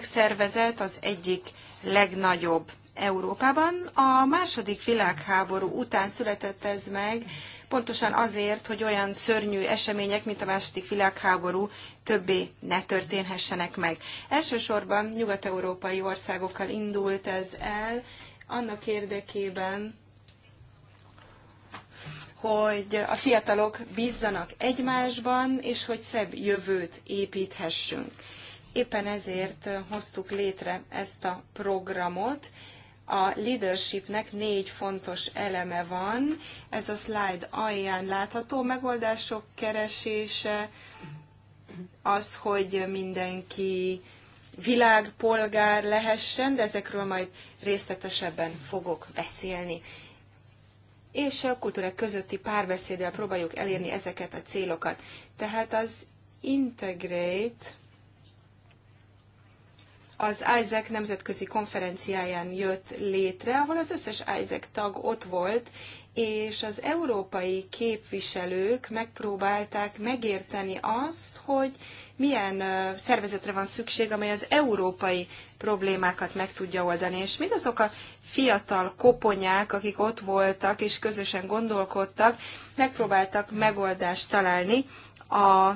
szervezet, az egyik legnagyobb Európában. A második világháború után született ez meg, pontosan azért, hogy olyan szörnyű események, mint a második világháború többé ne történhessenek meg. Elsősorban nyugat-európai országokkal indult ez el, annak érdekében, hogy a fiatalok bízzanak egymásban, és hogy szebb jövőt építhessünk. Éppen ezért hoztuk létre ezt a programot, a leadershipnek négy fontos eleme van. Ez a slide alján látható megoldások keresése, az, hogy mindenki világpolgár lehessen, de ezekről majd részletesebben fogok beszélni. És a kultúrák közötti párbeszéddel próbáljuk elérni ezeket a célokat. Tehát az integrate az Isaac nemzetközi konferenciáján jött létre, ahol az összes Isaac tag ott volt, és az európai képviselők megpróbálták megérteni azt, hogy milyen szervezetre van szükség, amely az európai problémákat meg tudja oldani. És mindazok a fiatal koponyák, akik ott voltak és közösen gondolkodtak, megpróbáltak megoldást találni a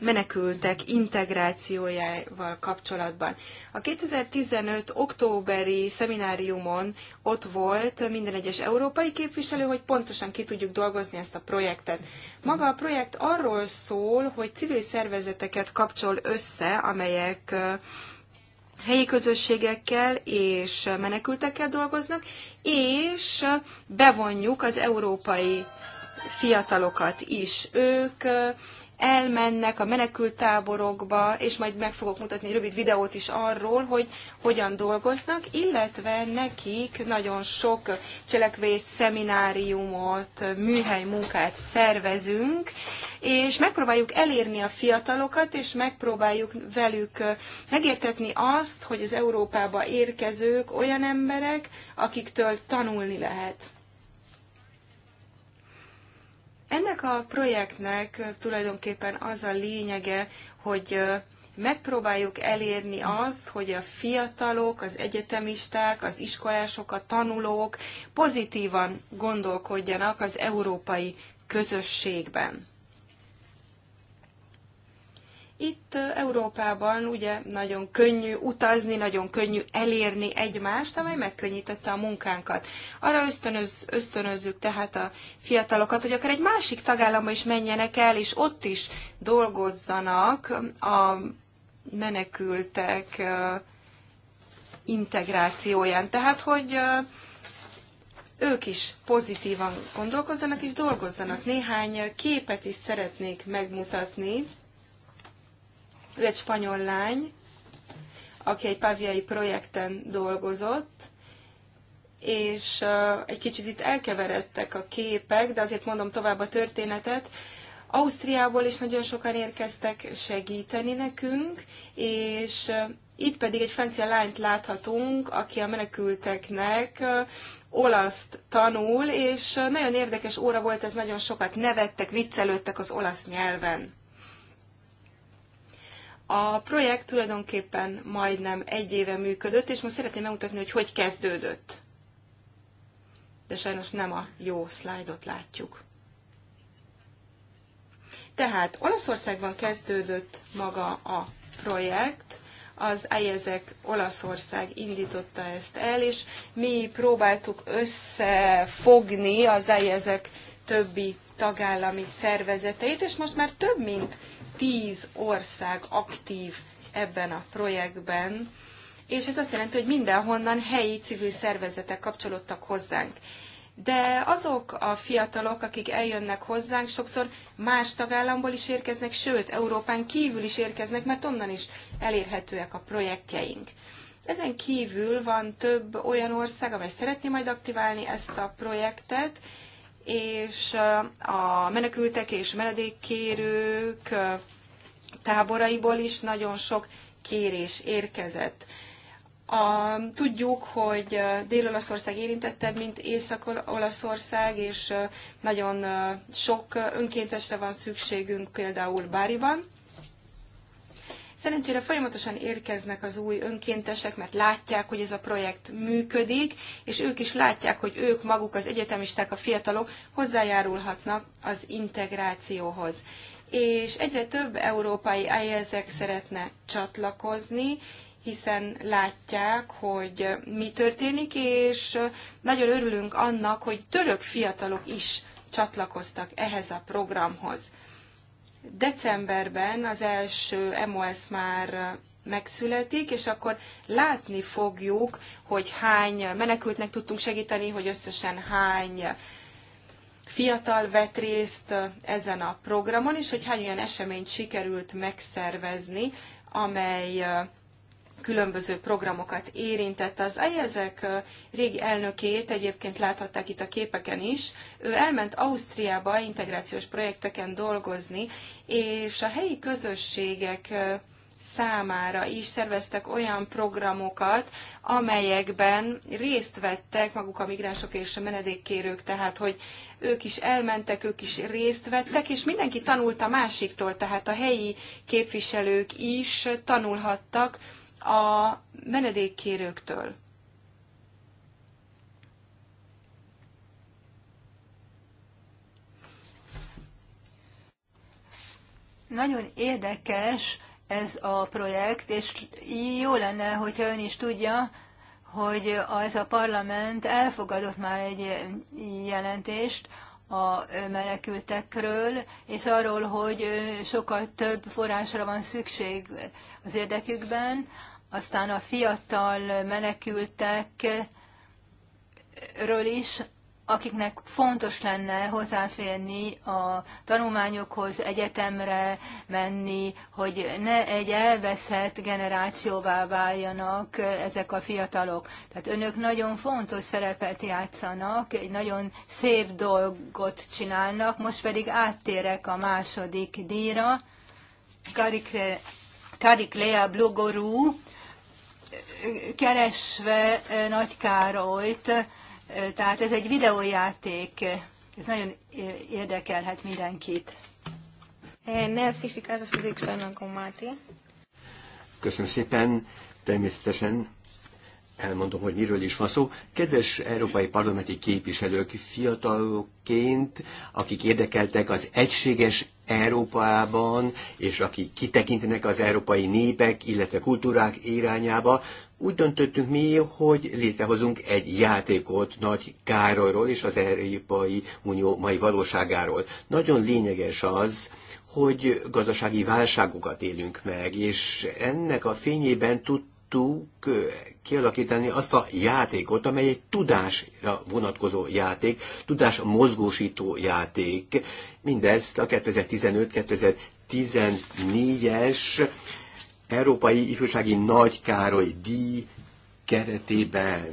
menekültek integrációjával kapcsolatban. A 2015. októberi szemináriumon ott volt minden egyes európai képviselő, hogy pontosan ki tudjuk dolgozni ezt a projektet. Maga a projekt arról szól, hogy civil szervezeteket kapcsol össze, amelyek helyi közösségekkel és menekültekkel dolgoznak, és bevonjuk az európai fiatalokat is. Ők elmennek a menekült táborokba, és majd meg fogok mutatni egy rövid videót is arról, hogy hogyan dolgoznak, illetve nekik nagyon sok cselekvés, szemináriumot, műhely munkát szervezünk, és megpróbáljuk elérni a fiatalokat, és megpróbáljuk velük megértetni azt, hogy az Európába érkezők olyan emberek, akiktől tanulni lehet. Ennek a projektnek tulajdonképpen az a lényege, hogy megpróbáljuk elérni azt, hogy a fiatalok, az egyetemisták, az iskolások, a tanulók pozitívan gondolkodjanak az európai közösségben. Itt Európában ugye nagyon könnyű utazni, nagyon könnyű elérni egymást, amely megkönnyítette a munkánkat. Arra ösztönöz, ösztönözzük tehát a fiatalokat, hogy akár egy másik tagállamba is menjenek el, és ott is dolgozzanak a menekültek integrációján. Tehát, hogy ők is pozitívan gondolkozzanak és dolgozzanak. Néhány képet is szeretnék megmutatni ő egy spanyol lány, aki egy Paviai projekten dolgozott, és egy kicsit itt elkeveredtek a képek, de azért mondom tovább a történetet. Ausztriából is nagyon sokan érkeztek segíteni nekünk, és itt pedig egy francia lányt láthatunk, aki a menekülteknek olaszt tanul, és nagyon érdekes óra volt ez, nagyon sokat nevettek, viccelődtek az olasz nyelven. A projekt tulajdonképpen majdnem egy éve működött, és most szeretném megmutatni, hogy hogy kezdődött. De sajnos nem a jó szlájdot látjuk. Tehát Olaszországban kezdődött maga a projekt, az Ejezek Olaszország indította ezt el, és mi próbáltuk összefogni az Ejezek többi tagállami szervezeteit, és most már több mint tíz ország aktív ebben a projektben, és ez azt jelenti, hogy mindenhonnan helyi civil szervezetek kapcsolódtak hozzánk. De azok a fiatalok, akik eljönnek hozzánk, sokszor más tagállamból is érkeznek, sőt, Európán kívül is érkeznek, mert onnan is elérhetőek a projektjeink. Ezen kívül van több olyan ország, amely szeretné majd aktiválni ezt a projektet, és a menekültek és menedékkérők táboraiból is nagyon sok kérés érkezett. A, tudjuk, hogy Dél-Olaszország érintettebb, mint Észak-Olaszország, és nagyon sok önkéntesre van szükségünk például Báriban. Szerencsére folyamatosan érkeznek az új önkéntesek, mert látják, hogy ez a projekt működik, és ők is látják, hogy ők maguk, az egyetemisták, a fiatalok hozzájárulhatnak az integrációhoz. És egyre több európai IEZ-ek szeretne csatlakozni, hiszen látják, hogy mi történik, és nagyon örülünk annak, hogy török fiatalok is csatlakoztak ehhez a programhoz. Decemberben az első MOS már megszületik, és akkor látni fogjuk, hogy hány menekültnek tudtunk segíteni, hogy összesen hány fiatal vett részt ezen a programon, és hogy hány olyan eseményt sikerült megszervezni, amely különböző programokat érintett. Az Ajezek régi elnökét egyébként láthatták itt a képeken is. Ő elment Ausztriába integrációs projekteken dolgozni, és a helyi közösségek számára is szerveztek olyan programokat, amelyekben részt vettek maguk a migránsok és a menedékkérők, tehát hogy ők is elmentek, ők is részt vettek, és mindenki tanult a másiktól, tehát a helyi képviselők is tanulhattak a menedékkérőktől. Nagyon érdekes ez a projekt, és jó lenne, hogyha ön is tudja, hogy ez a parlament elfogadott már egy jelentést a menekültekről, és arról, hogy sokkal több forrásra van szükség az érdekükben aztán a fiatal menekültekről is, akiknek fontos lenne hozzáférni a tanulmányokhoz, egyetemre menni, hogy ne egy elveszett generációvá váljanak ezek a fiatalok. Tehát önök nagyon fontos szerepet játszanak, egy nagyon szép dolgot csinálnak, most pedig áttérek a második díjra. Karik Lea Blogorú keresve Nagy Károlyt, tehát ez egy videójáték, ez nagyon érdekelhet mindenkit. Eh, ne fizikázz a szüdékszajnak Máté. Köszönöm szépen, természetesen elmondom, hogy miről is van szó. Kedves európai parlamenti képviselők, fiatalokként, akik érdekeltek az egységes Európában, és akik kitekintenek az európai népek, illetve kultúrák irányába, úgy döntöttünk mi, hogy létrehozunk egy játékot Nagy Károlyról és az Európai Unió mai valóságáról. Nagyon lényeges az, hogy gazdasági válságokat élünk meg, és ennek a fényében tudtuk kialakítani azt a játékot, amely egy tudásra vonatkozó játék, tudás mozgósító játék. Mindezt a 2015-2014-es Európai Ifjúsági Nagy Károly díj keretében.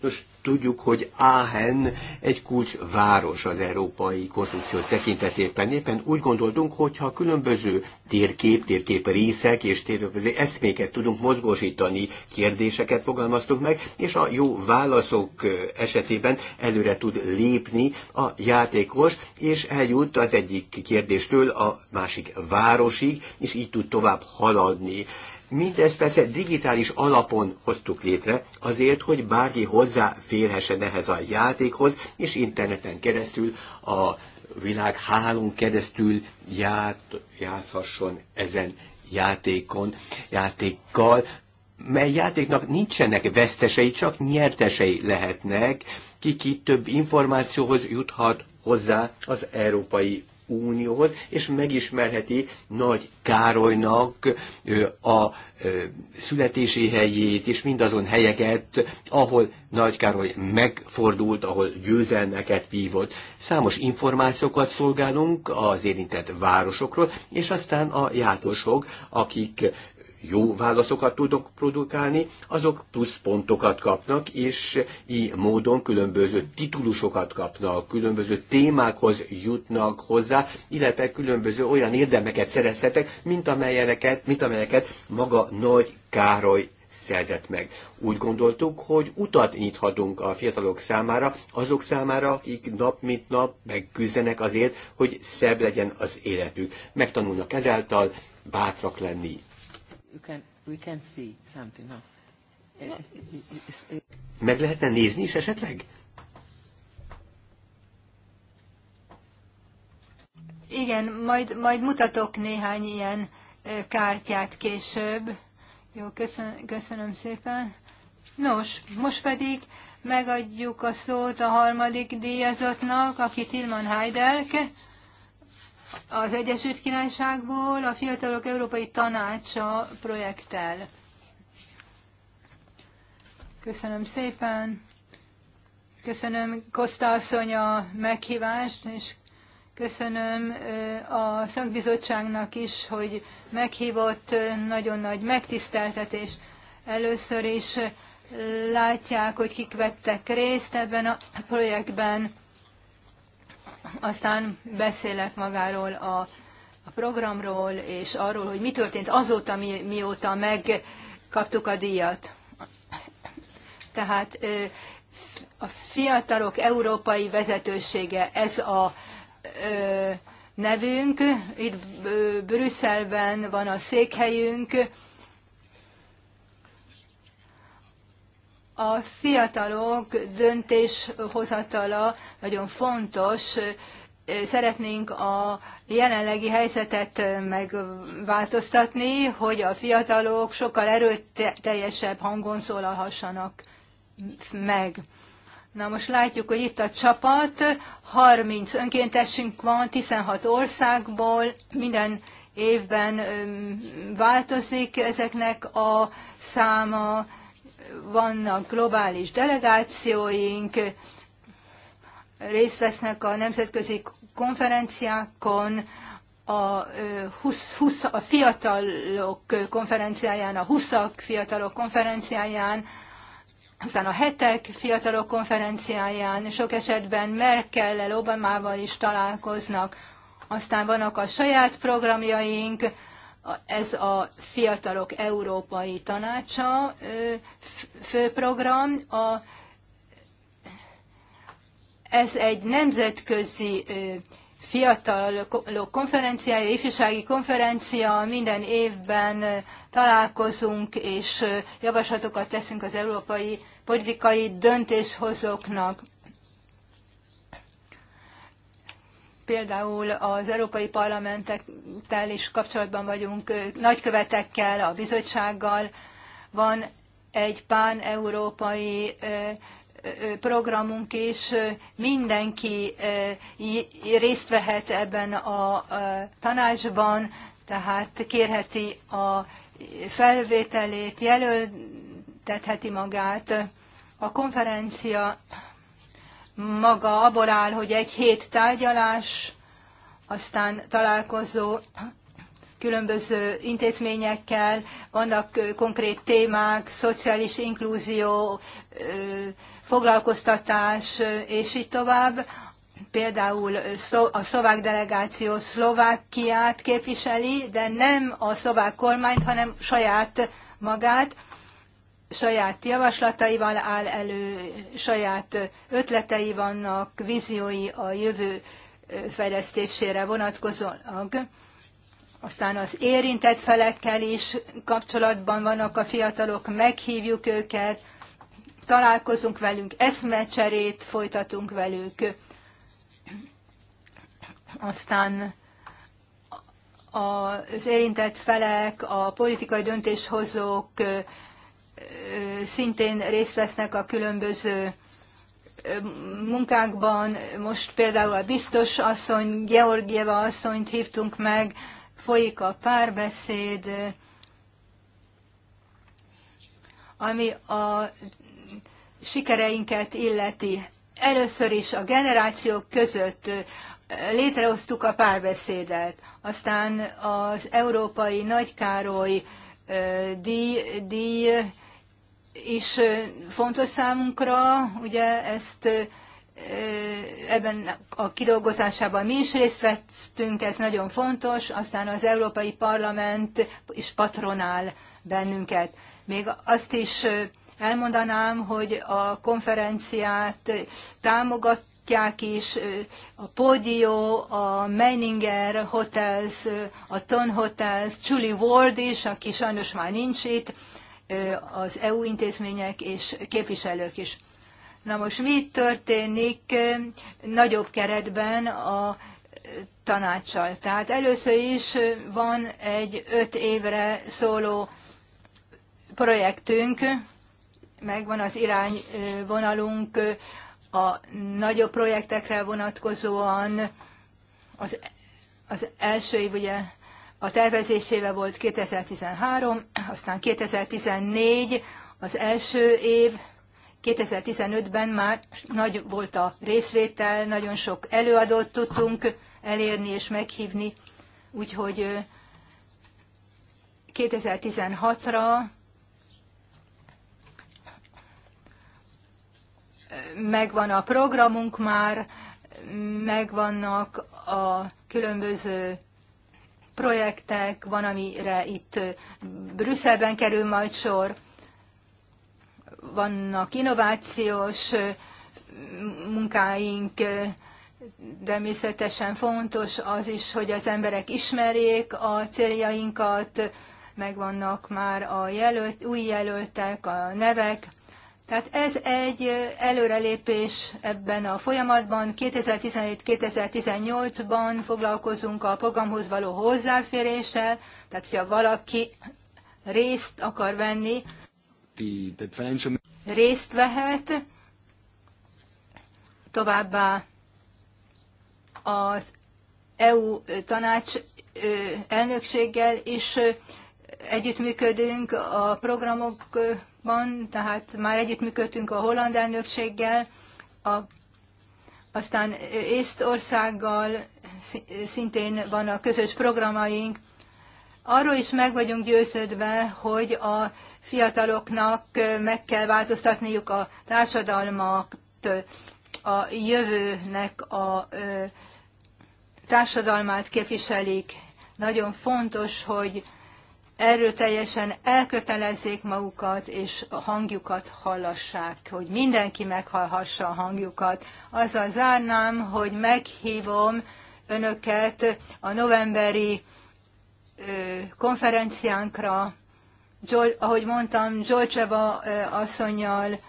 Nos, tudjuk, hogy Aachen egy kulcsváros az európai konstrukció tekintetében. Éppen úgy gondoltunk, hogyha különböző térkép, térkép részek és térképező eszméket tudunk mozgósítani, kérdéseket fogalmaztunk meg, és a jó válaszok esetében előre tud lépni a játékos, és eljut az egyik kérdéstől a másik városig, és így tud tovább haladni. Mindezt persze digitális alapon hoztuk létre, azért, hogy bárki hozzáférhessen ehhez a játékhoz, és interneten keresztül a világ hálón keresztül ját, játszhasson ezen játékon, játékkal, mely játéknak nincsenek vesztesei, csak nyertesei lehetnek, ki, ki több információhoz juthat hozzá az Európai Unión, és megismerheti Nagy Károlynak a születési helyét, és mindazon helyeket, ahol Nagy Károly megfordult, ahol győzelmeket vívott. Számos információkat szolgálunk az érintett városokról, és aztán a játosok, akik jó válaszokat tudok produkálni, azok plusz pontokat kapnak, és így módon különböző titulusokat kapnak, különböző témákhoz jutnak hozzá, illetve különböző olyan érdemeket szerezhetek, mint amelyeket, mint amelyeket maga Nagy Károly szerzett meg. Úgy gondoltuk, hogy utat nyithatunk a fiatalok számára, azok számára, akik nap mint nap megküzdenek azért, hogy szebb legyen az életük. Megtanulnak ezáltal bátrak lenni you can, we can see something, no? Eh, eh, eh, Meg lehetne nézni is esetleg? Igen, majd, majd mutatok néhány ilyen kártyát később. Jó, köszön, köszönöm szépen. Nos, most pedig megadjuk a szót a harmadik díjazottnak, aki Tilman Heidelke az Egyesült Királyságból a Fiatalok Európai Tanácsa projekttel. Köszönöm szépen. Köszönöm Kosta asszony a meghívást, és köszönöm a szakbizottságnak is, hogy meghívott nagyon nagy megtiszteltetés. Először is látják, hogy kik vettek részt ebben a projektben aztán beszélek magáról a, a programról, és arról, hogy mi történt azóta, mi, mióta megkaptuk a díjat. Tehát a fiatalok európai vezetősége, ez a nevünk, itt Brüsszelben van a székhelyünk, A fiatalok döntéshozatala nagyon fontos. Szeretnénk a jelenlegi helyzetet megváltoztatni, hogy a fiatalok sokkal erőteljesebb hangon szólalhassanak meg. Na most látjuk, hogy itt a csapat, 30 önkéntesünk van, 16 országból, minden évben változik ezeknek a száma, vannak globális delegációink, részt vesznek a nemzetközi konferenciákon, a, 20, 20, a fiatalok konferenciáján, a 20 fiatalok konferenciáján, aztán a hetek fiatalok konferenciáján, sok esetben Merkel-el Merkel-el, Obamával is találkoznak, aztán vannak a saját programjaink, ez a Fiatalok Európai Tanácsa főprogram. A, ez egy nemzetközi fiatalok konferenciája, ifjúsági konferencia, minden évben találkozunk és javaslatokat teszünk az európai politikai döntéshozóknak. például az európai Parlamentettel is kapcsolatban vagyunk, nagykövetekkel, a bizottsággal. Van egy pán-európai programunk is, mindenki részt vehet ebben a tanácsban, tehát kérheti a felvételét, jelöltetheti magát. A konferencia maga abból áll, hogy egy hét tárgyalás, aztán találkozó különböző intézményekkel, vannak konkrét témák, szociális inklúzió, foglalkoztatás, és így tovább. Például a szlovák delegáció Szlovákiát képviseli, de nem a szlovák kormányt, hanem saját magát saját javaslataival áll elő, saját ötletei vannak, víziói a jövő fejlesztésére vonatkozólag. Aztán az érintett felekkel is kapcsolatban vannak a fiatalok, meghívjuk őket, találkozunk velünk, eszmecserét folytatunk velük. Aztán az érintett felek, a politikai döntéshozók szintén részt vesznek a különböző munkákban. Most például a biztos asszony, Georgieva asszonyt hívtunk meg, folyik a párbeszéd, ami a sikereinket illeti. Először is a generációk között létrehoztuk a párbeszédet, aztán az Európai Nagykároly díj, díj és fontos számunkra, ugye ezt ebben a kidolgozásában mi is részt vettünk, ez nagyon fontos, aztán az Európai Parlament is patronál bennünket. Még azt is elmondanám, hogy a konferenciát támogatják is a Podio, a Meininger Hotels, a Ton Hotels, Julie Ward is, aki sajnos már nincs itt, az EU intézmények és képviselők is. Na most mi történik nagyobb keretben a tanácssal? Tehát először is van egy öt évre szóló projektünk, megvan az irányvonalunk a nagyobb projektekre vonatkozóan, az, az első év ugye a tervezésével volt 2013, aztán 2014 az első év, 2015-ben már nagy volt a részvétel, nagyon sok előadót tudtunk elérni és meghívni, úgyhogy 2016-ra megvan a programunk már, megvannak a különböző projektek, van, amire itt Brüsszelben kerül majd sor, vannak innovációs munkáink, természetesen fontos az is, hogy az emberek ismerjék a céljainkat, megvannak már a jelölt, új jelöltek, a nevek, tehát ez egy előrelépés ebben a folyamatban. 2017-2018-ban foglalkozunk a programhoz való hozzáféréssel, tehát hogyha valaki részt akar venni, részt vehet, továbbá az EU tanács elnökséggel is együttműködünk a programok Ban, tehát már együttműködtünk a holland elnökséggel, a, aztán Észtországgal szintén van a közös programaink. Arról is meg vagyunk győződve, hogy a fiataloknak meg kell változtatniuk a társadalmat, a jövőnek a társadalmát képviselik. Nagyon fontos, hogy erőteljesen elkötelezzék magukat, és a hangjukat hallassák, hogy mindenki meghallhassa a hangjukat. Azzal zárnám, hogy meghívom önöket a novemberi konferenciánkra, ahogy mondtam, Georgeva asszonyjal,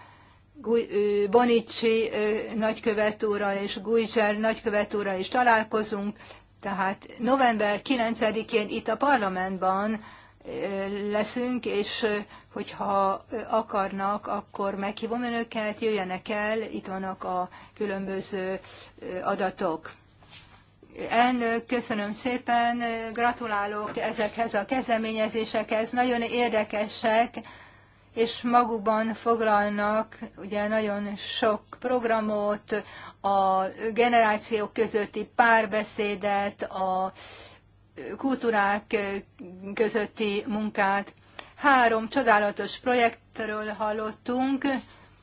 Bonicsi nagykövet úrral és Gujzser nagykövet úrral is találkozunk, tehát november 9-én itt a parlamentban leszünk, és hogyha akarnak, akkor meghívom önöket, jöjjenek el, itt vannak a különböző adatok. Elnök, köszönöm szépen, gratulálok ezekhez a kezdeményezésekhez, nagyon érdekesek, és magukban foglalnak ugye nagyon sok programot, a generációk közötti párbeszédet, a kultúrák közötti munkát. Három csodálatos projektről hallottunk,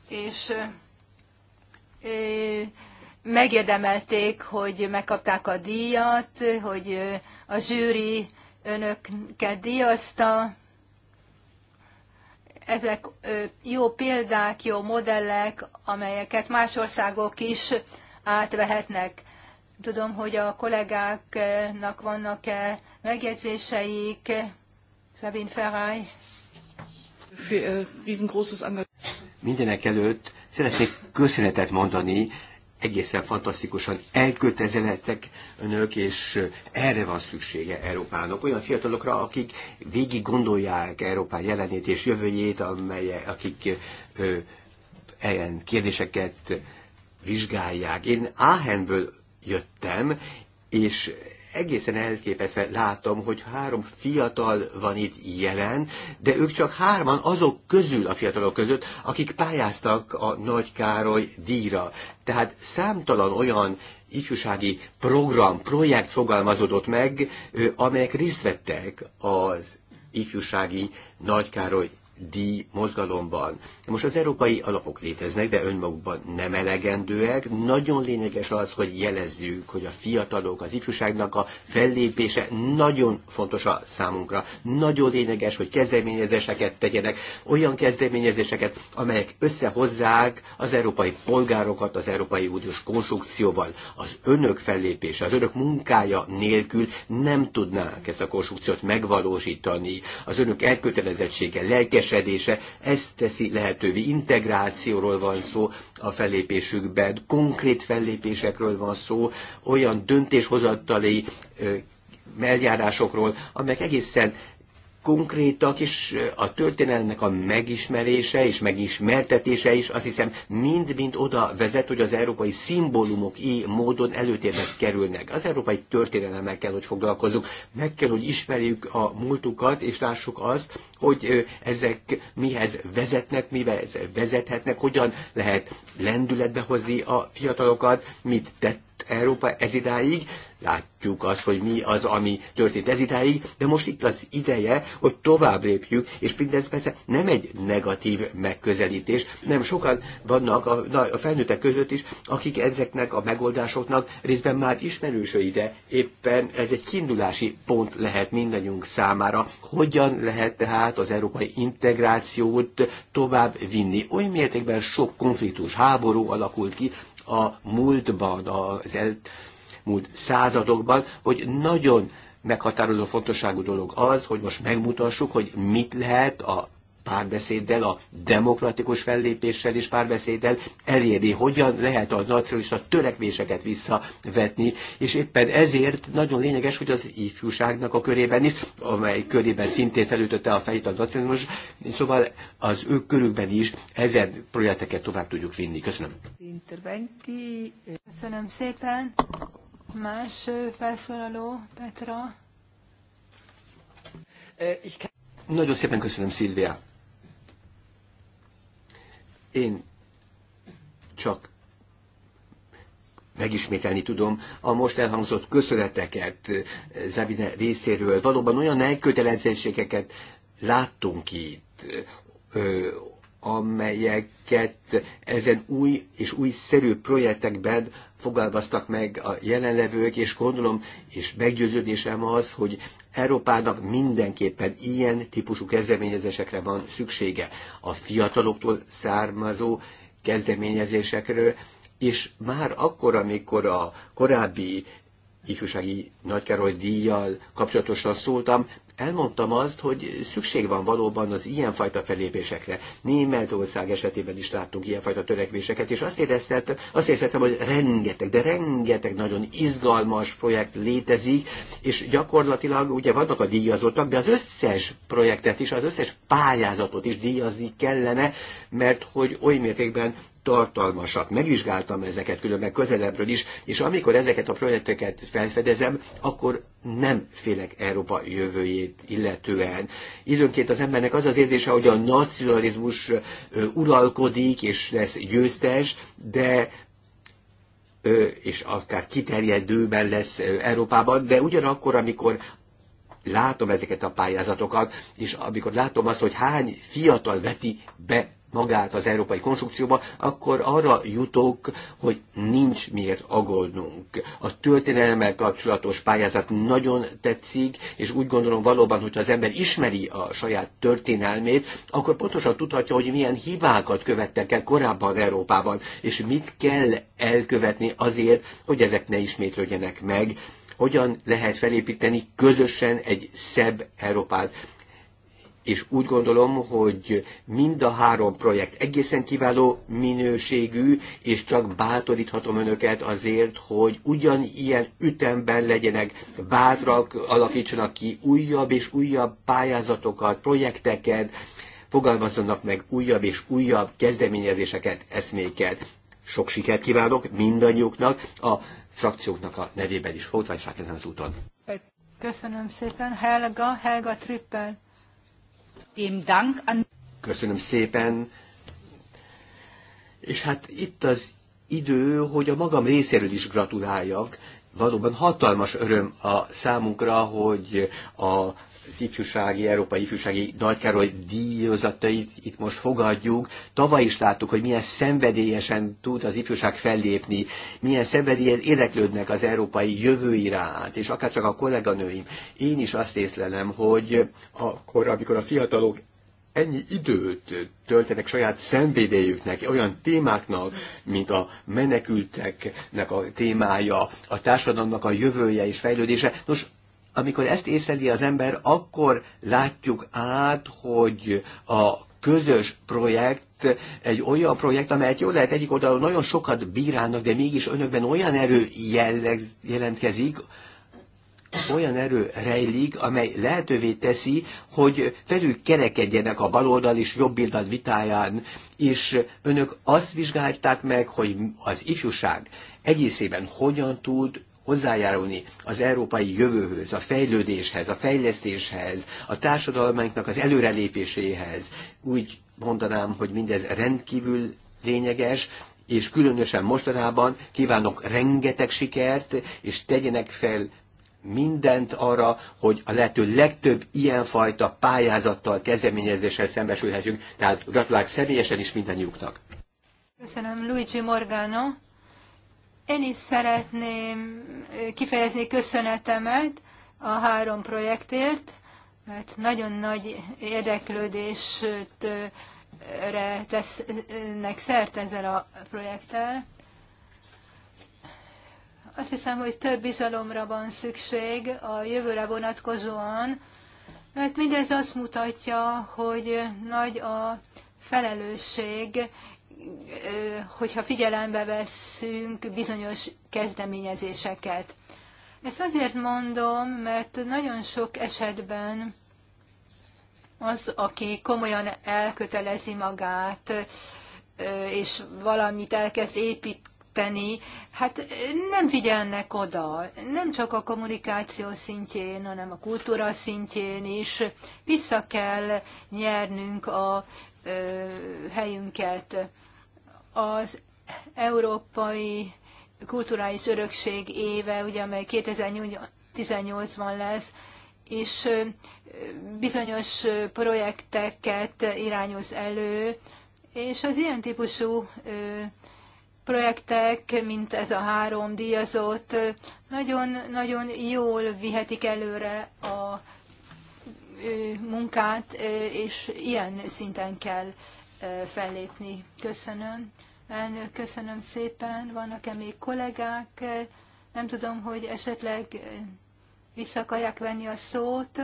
és megérdemelték, hogy megkapták a díjat, hogy a zsűri önöket díjazta. Ezek jó példák, jó modellek, amelyeket más országok is átvehetnek. Tudom, hogy a kollégáknak vannak-e megjegyzéseik. Szabin Ferrari. Äh, Mindenek előtt szeretnék köszönetet mondani, egészen fantasztikusan elkötelezettek önök, és erre van szüksége Európának. Olyan fiatalokra, akik végig gondolják Európán jelenét és jövőjét, amely, akik ö, ilyen kérdéseket vizsgálják. Én Áhenből jöttem, és egészen elképesztve látom, hogy három fiatal van itt jelen, de ők csak hárman azok közül a fiatalok között, akik pályáztak a Nagy Károly díjra. Tehát számtalan olyan ifjúsági program, projekt fogalmazódott meg, amelyek részt vettek az ifjúsági Nagy Károly díj mozgalomban. Most az európai alapok léteznek, de önmagukban nem elegendőek. Nagyon lényeges az, hogy jelezzük, hogy a fiatalok, az ifjúságnak a fellépése nagyon fontos a számunkra. Nagyon lényeges, hogy kezdeményezéseket tegyenek, olyan kezdeményezéseket, amelyek összehozzák az európai polgárokat az Európai Uniós konstrukcióval. Az önök fellépése, az önök munkája nélkül nem tudnák ezt a konstrukciót megvalósítani. Az önök elkötelezettsége, lelkes lelkesedése, ezt teszi lehetővé. Integrációról van szó a fellépésükben, konkrét fellépésekről van szó, olyan döntéshozatali eljárásokról, amelyek egészen konkrétak, és a történelmnek a megismerése és megismertetése is azt hiszem mind-mind oda vezet, hogy az európai szimbólumok így módon előtérbe kerülnek. Az európai történelemmel kell, hogy foglalkozunk, meg kell, hogy ismerjük a múltukat, és lássuk azt, hogy ezek mihez vezetnek, mivel vezethetnek, hogyan lehet lendületbe hozni a fiatalokat, mit tett Európa ez idáig, látjuk azt, hogy mi az, ami történt ez idáig, de most itt az ideje, hogy tovább lépjük, és mindez persze nem egy negatív megközelítés, nem sokan vannak a, a felnőttek között is, akik ezeknek a megoldásoknak részben már ismerősöi, de éppen ez egy kiindulási pont lehet mindannyiunk számára, hogyan lehet tehát az európai integrációt tovább vinni. Oly mértékben sok konfliktus, háború alakult ki, a múltban, az elmúlt századokban, hogy nagyon meghatározó fontosságú dolog az, hogy most megmutassuk, hogy mit lehet a párbeszéddel, a demokratikus fellépéssel és párbeszéddel elérni, hogyan lehet a nacionalista törekvéseket visszavetni, és éppen ezért nagyon lényeges, hogy az ifjúságnak a körében is, amely körében szintén felütötte a fejét a nacionalizmus, szóval az ők körükben is ezen projekteket tovább tudjuk vinni. Köszönöm. Interventi. Köszönöm szépen. Más felszólaló, Petra. Nagyon szépen köszönöm, Szilvia. Én csak megismételni tudom a most elhangzott köszöneteket eh, Zabine részéről. Valóban olyan elkötelezettségeket láttunk itt, eh, amelyeket ezen új és újszerű projektekben fogalmaztak meg a jelenlevők, és gondolom, és meggyőződésem az, hogy Európának mindenképpen ilyen típusú kezdeményezésekre van szüksége. A fiataloktól származó kezdeményezésekről, és már akkor, amikor a korábbi ifjúsági nagykároly díjjal kapcsolatosan szóltam, elmondtam azt, hogy szükség van valóban az ilyenfajta felépésekre. Németország esetében is láttunk ilyenfajta törekvéseket, és azt éreztem, azt éreztem, hogy rengeteg, de rengeteg nagyon izgalmas projekt létezik, és gyakorlatilag ugye vannak a díjazottak, de az összes projektet is, az összes pályázatot is díjazni kellene, mert hogy oly mértékben tartalmasak. Megvizsgáltam ezeket különben közelebbről is, és amikor ezeket a projekteket felfedezem, akkor nem félek Európa jövőjét illetően. Időnként az embernek az az érzése, hogy a nacionalizmus uralkodik és lesz győztes, de és akár kiterjedőben lesz Európában, de ugyanakkor, amikor látom ezeket a pályázatokat, és amikor látom azt, hogy hány fiatal veti be magát az európai konstrukcióba, akkor arra jutok, hogy nincs miért agolnunk. A történelemmel kapcsolatos pályázat nagyon tetszik, és úgy gondolom valóban, hogyha az ember ismeri a saját történelmét, akkor pontosan tudhatja, hogy milyen hibákat követtek el korábban Európában, és mit kell elkövetni azért, hogy ezek ne ismétlődjenek meg. Hogyan lehet felépíteni közösen egy szebb Európát és úgy gondolom, hogy mind a három projekt egészen kiváló minőségű, és csak bátoríthatom önöket azért, hogy ugyanilyen ütemben legyenek bátrak, alakítsanak ki újabb és újabb pályázatokat, projekteket, fogalmazzanak meg újabb és újabb kezdeményezéseket, eszméket. Sok sikert kívánok mindannyiuknak, a frakcióknak a nevében is. Folytassák ezen az úton. Köszönöm szépen. Helga, Helga Trippel. Köszönöm szépen. És hát itt az idő, hogy a magam részéről is gratuláljak. Valóban hatalmas öröm a számunkra, hogy a az ifjúsági, európai ifjúsági nagykároly díjazatait itt most fogadjuk. Tavaly is láttuk, hogy milyen szenvedélyesen tud az ifjúság fellépni, milyen szenvedélyen érdeklődnek az európai jövő iránt, és akár csak a kolléganőim. Én is azt észlelem, hogy akkor, amikor a fiatalok ennyi időt töltenek saját szenvédélyüknek, olyan témáknak, mint a menekülteknek a témája, a társadalomnak a jövője és fejlődése. Nos, amikor ezt észleli az ember, akkor látjuk át, hogy a közös projekt egy olyan projekt, amelyet jól lehet egyik oldalon nagyon sokat bírálnak, de mégis önökben olyan erő jelleg, jelentkezik, olyan erő rejlik, amely lehetővé teszi, hogy felül kerekedjenek a baloldal és jobboldal vitáján, és önök azt vizsgálták meg, hogy az ifjúság egészében hogyan tud hozzájárulni az európai jövőhöz, a fejlődéshez, a fejlesztéshez, a társadalmainknak az előrelépéséhez. Úgy mondanám, hogy mindez rendkívül lényeges, és különösen mostanában kívánok rengeteg sikert, és tegyenek fel mindent arra, hogy a lehető legtöbb ilyenfajta pályázattal, kezdeményezéssel szembesülhetünk. Tehát gratulálok személyesen is mindannyiuknak. Köszönöm Luigi Morgano. Én is szeretném kifejezni köszönetemet a három projektért, mert nagyon nagy érdeklődést tesznek szert ezzel a projekttel. Azt hiszem, hogy több bizalomra van szükség a jövőre vonatkozóan, mert mindez azt mutatja, hogy nagy a felelősség hogyha figyelembe veszünk bizonyos kezdeményezéseket. Ezt azért mondom, mert nagyon sok esetben az, aki komolyan elkötelezi magát, és valamit elkezd építeni, hát nem figyelnek oda, nem csak a kommunikáció szintjén, hanem a kultúra szintjén is. Vissza kell nyernünk a helyünket az Európai Kulturális Örökség éve, ugye, amely 2018-ban lesz, és bizonyos projekteket irányoz elő, és az ilyen típusú projektek, mint ez a három díjazott, nagyon-nagyon jól vihetik előre a munkát, és ilyen szinten kell fellépni. Köszönöm. Elnök, köszönöm szépen. Vannak-e még kollégák? Nem tudom, hogy esetleg vissza akarják venni a szót.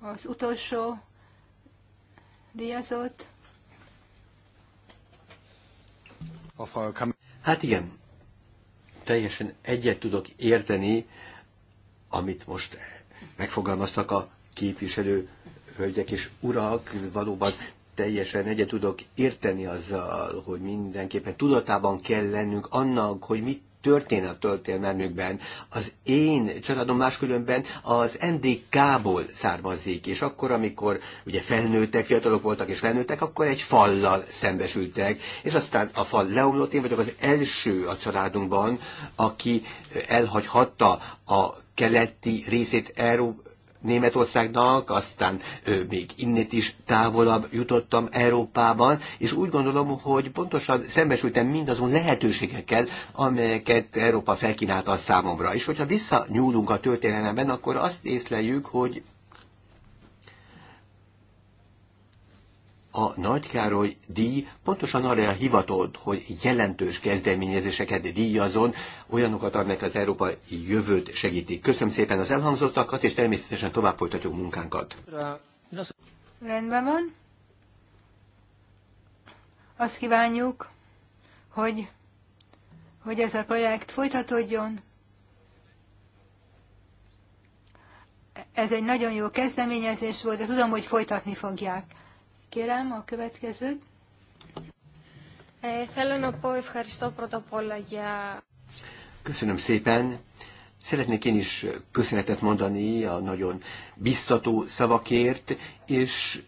Az utolsó díjazott. Hát igen, teljesen egyet tudok érteni, amit most megfogalmaztak a képviselő hölgyek és urak, valóban teljesen egyet tudok érteni azzal, hogy mindenképpen tudatában kell lennünk annak, hogy mit történ a történelmükben. Az én családom máskülönben az NDK-ból származik, és akkor, amikor ugye felnőttek, fiatalok voltak és felnőttek, akkor egy fallal szembesültek, és aztán a fal leomlott, én vagyok az első a családunkban, aki elhagyhatta a keleti részét Európa, Németországnak, aztán ö, még innét is távolabb jutottam Európában, és úgy gondolom, hogy pontosan szembesültem mindazon lehetőségekkel, amelyeket Európa felkínálta a számomra. És hogyha visszanyúlunk a történelemben, akkor azt észleljük, hogy a Nagy Károly díj pontosan arra hivatott, hogy jelentős kezdeményezéseket díjazon, olyanokat, amelyek az Európai jövőt segítik. Köszönöm szépen az elhangzottakat, és természetesen tovább folytatjuk munkánkat. Rendben van. Azt kívánjuk, hogy, hogy ez a projekt folytatódjon. Ez egy nagyon jó kezdeményezés volt, de tudom, hogy folytatni fogják. Kérem a következőt. Köszönöm szépen. Szeretnék én is köszönetet mondani a nagyon biztató szavakért, és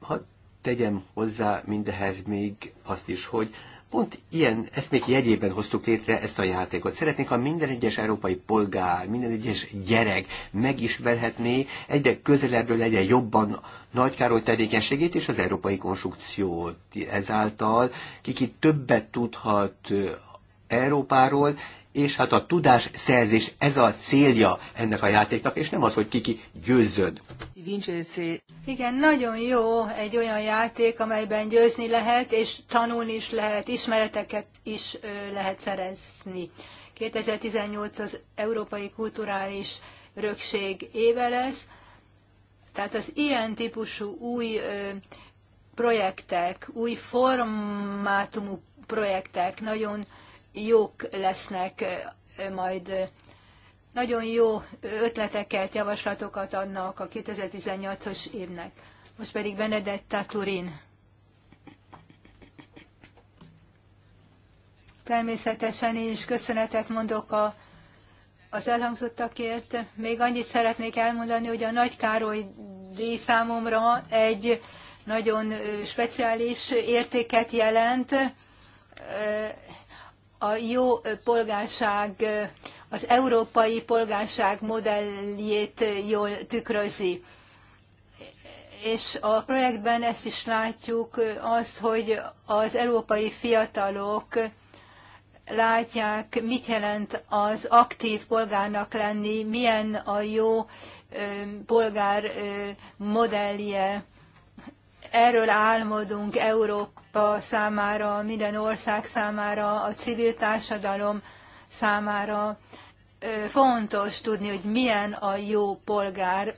ha tegyem hozzá mindehez még azt is, hogy Pont ilyen ezt még jegyében hoztuk létre ezt a játékot. Szeretnénk, ha minden egyes európai polgár, minden egyes gyerek megismerhetné egyre közelebbről, egyre jobban Nagy Károly tevékenységét és az európai konstrukciót. Ezáltal kiki többet tudhat Európáról, és hát a tudás szerzés ez a célja ennek a játéknak, és nem az, hogy kiki győzzön. Igen, nagyon jó egy olyan játék, amelyben győzni lehet, és tanulni is lehet, ismereteket is lehet szerezni. 2018 az Európai Kulturális rökség éve lesz, tehát az ilyen típusú új projektek, új formátumú projektek nagyon jók lesznek majd nagyon jó ötleteket, javaslatokat adnak a 2018 os évnek. Most pedig Benedetta Turin. Természetesen én is köszönetet mondok a, az elhangzottakért. Még annyit szeretnék elmondani, hogy a Nagy Károly díj számomra egy nagyon speciális értéket jelent a jó polgárság, az európai polgárság modelljét jól tükrözi. És a projektben ezt is látjuk, az, hogy az európai fiatalok látják, mit jelent az aktív polgárnak lenni, milyen a jó polgár modellje erről álmodunk Európa számára, minden ország számára, a civil társadalom számára. Fontos tudni, hogy milyen a jó polgár,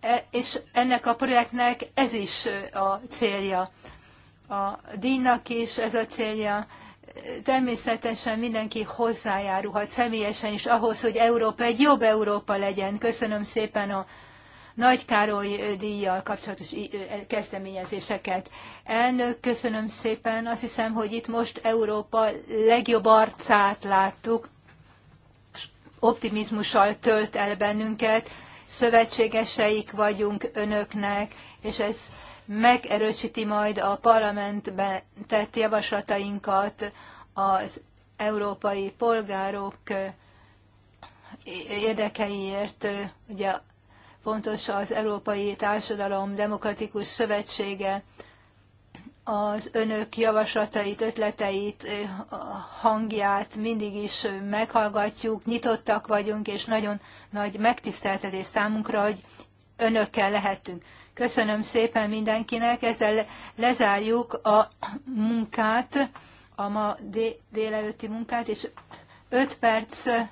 e, és ennek a projektnek ez is a célja. A díjnak is ez a célja. Természetesen mindenki hozzájárulhat személyesen is ahhoz, hogy Európa egy jobb Európa legyen. Köszönöm szépen a nagy Károly díjjal kapcsolatos e, kezdeményezéseket. Elnök, köszönöm szépen. Azt hiszem, hogy itt most Európa legjobb arcát láttuk. Optimizmussal tölt el bennünket. Szövetségeseik vagyunk önöknek, és ez megerősíti majd a parlamentben tett javaslatainkat az európai polgárok érdekeiért, ugye fontos az Európai Társadalom Demokratikus Szövetsége. Az önök javaslatait, ötleteit, eh, hangját mindig is meghallgatjuk, nyitottak vagyunk, és nagyon nagy megtiszteltetés számunkra, hogy önökkel lehetünk. Köszönöm szépen mindenkinek, ezzel lezárjuk a munkát, a ma délelőtti munkát, és 5 perc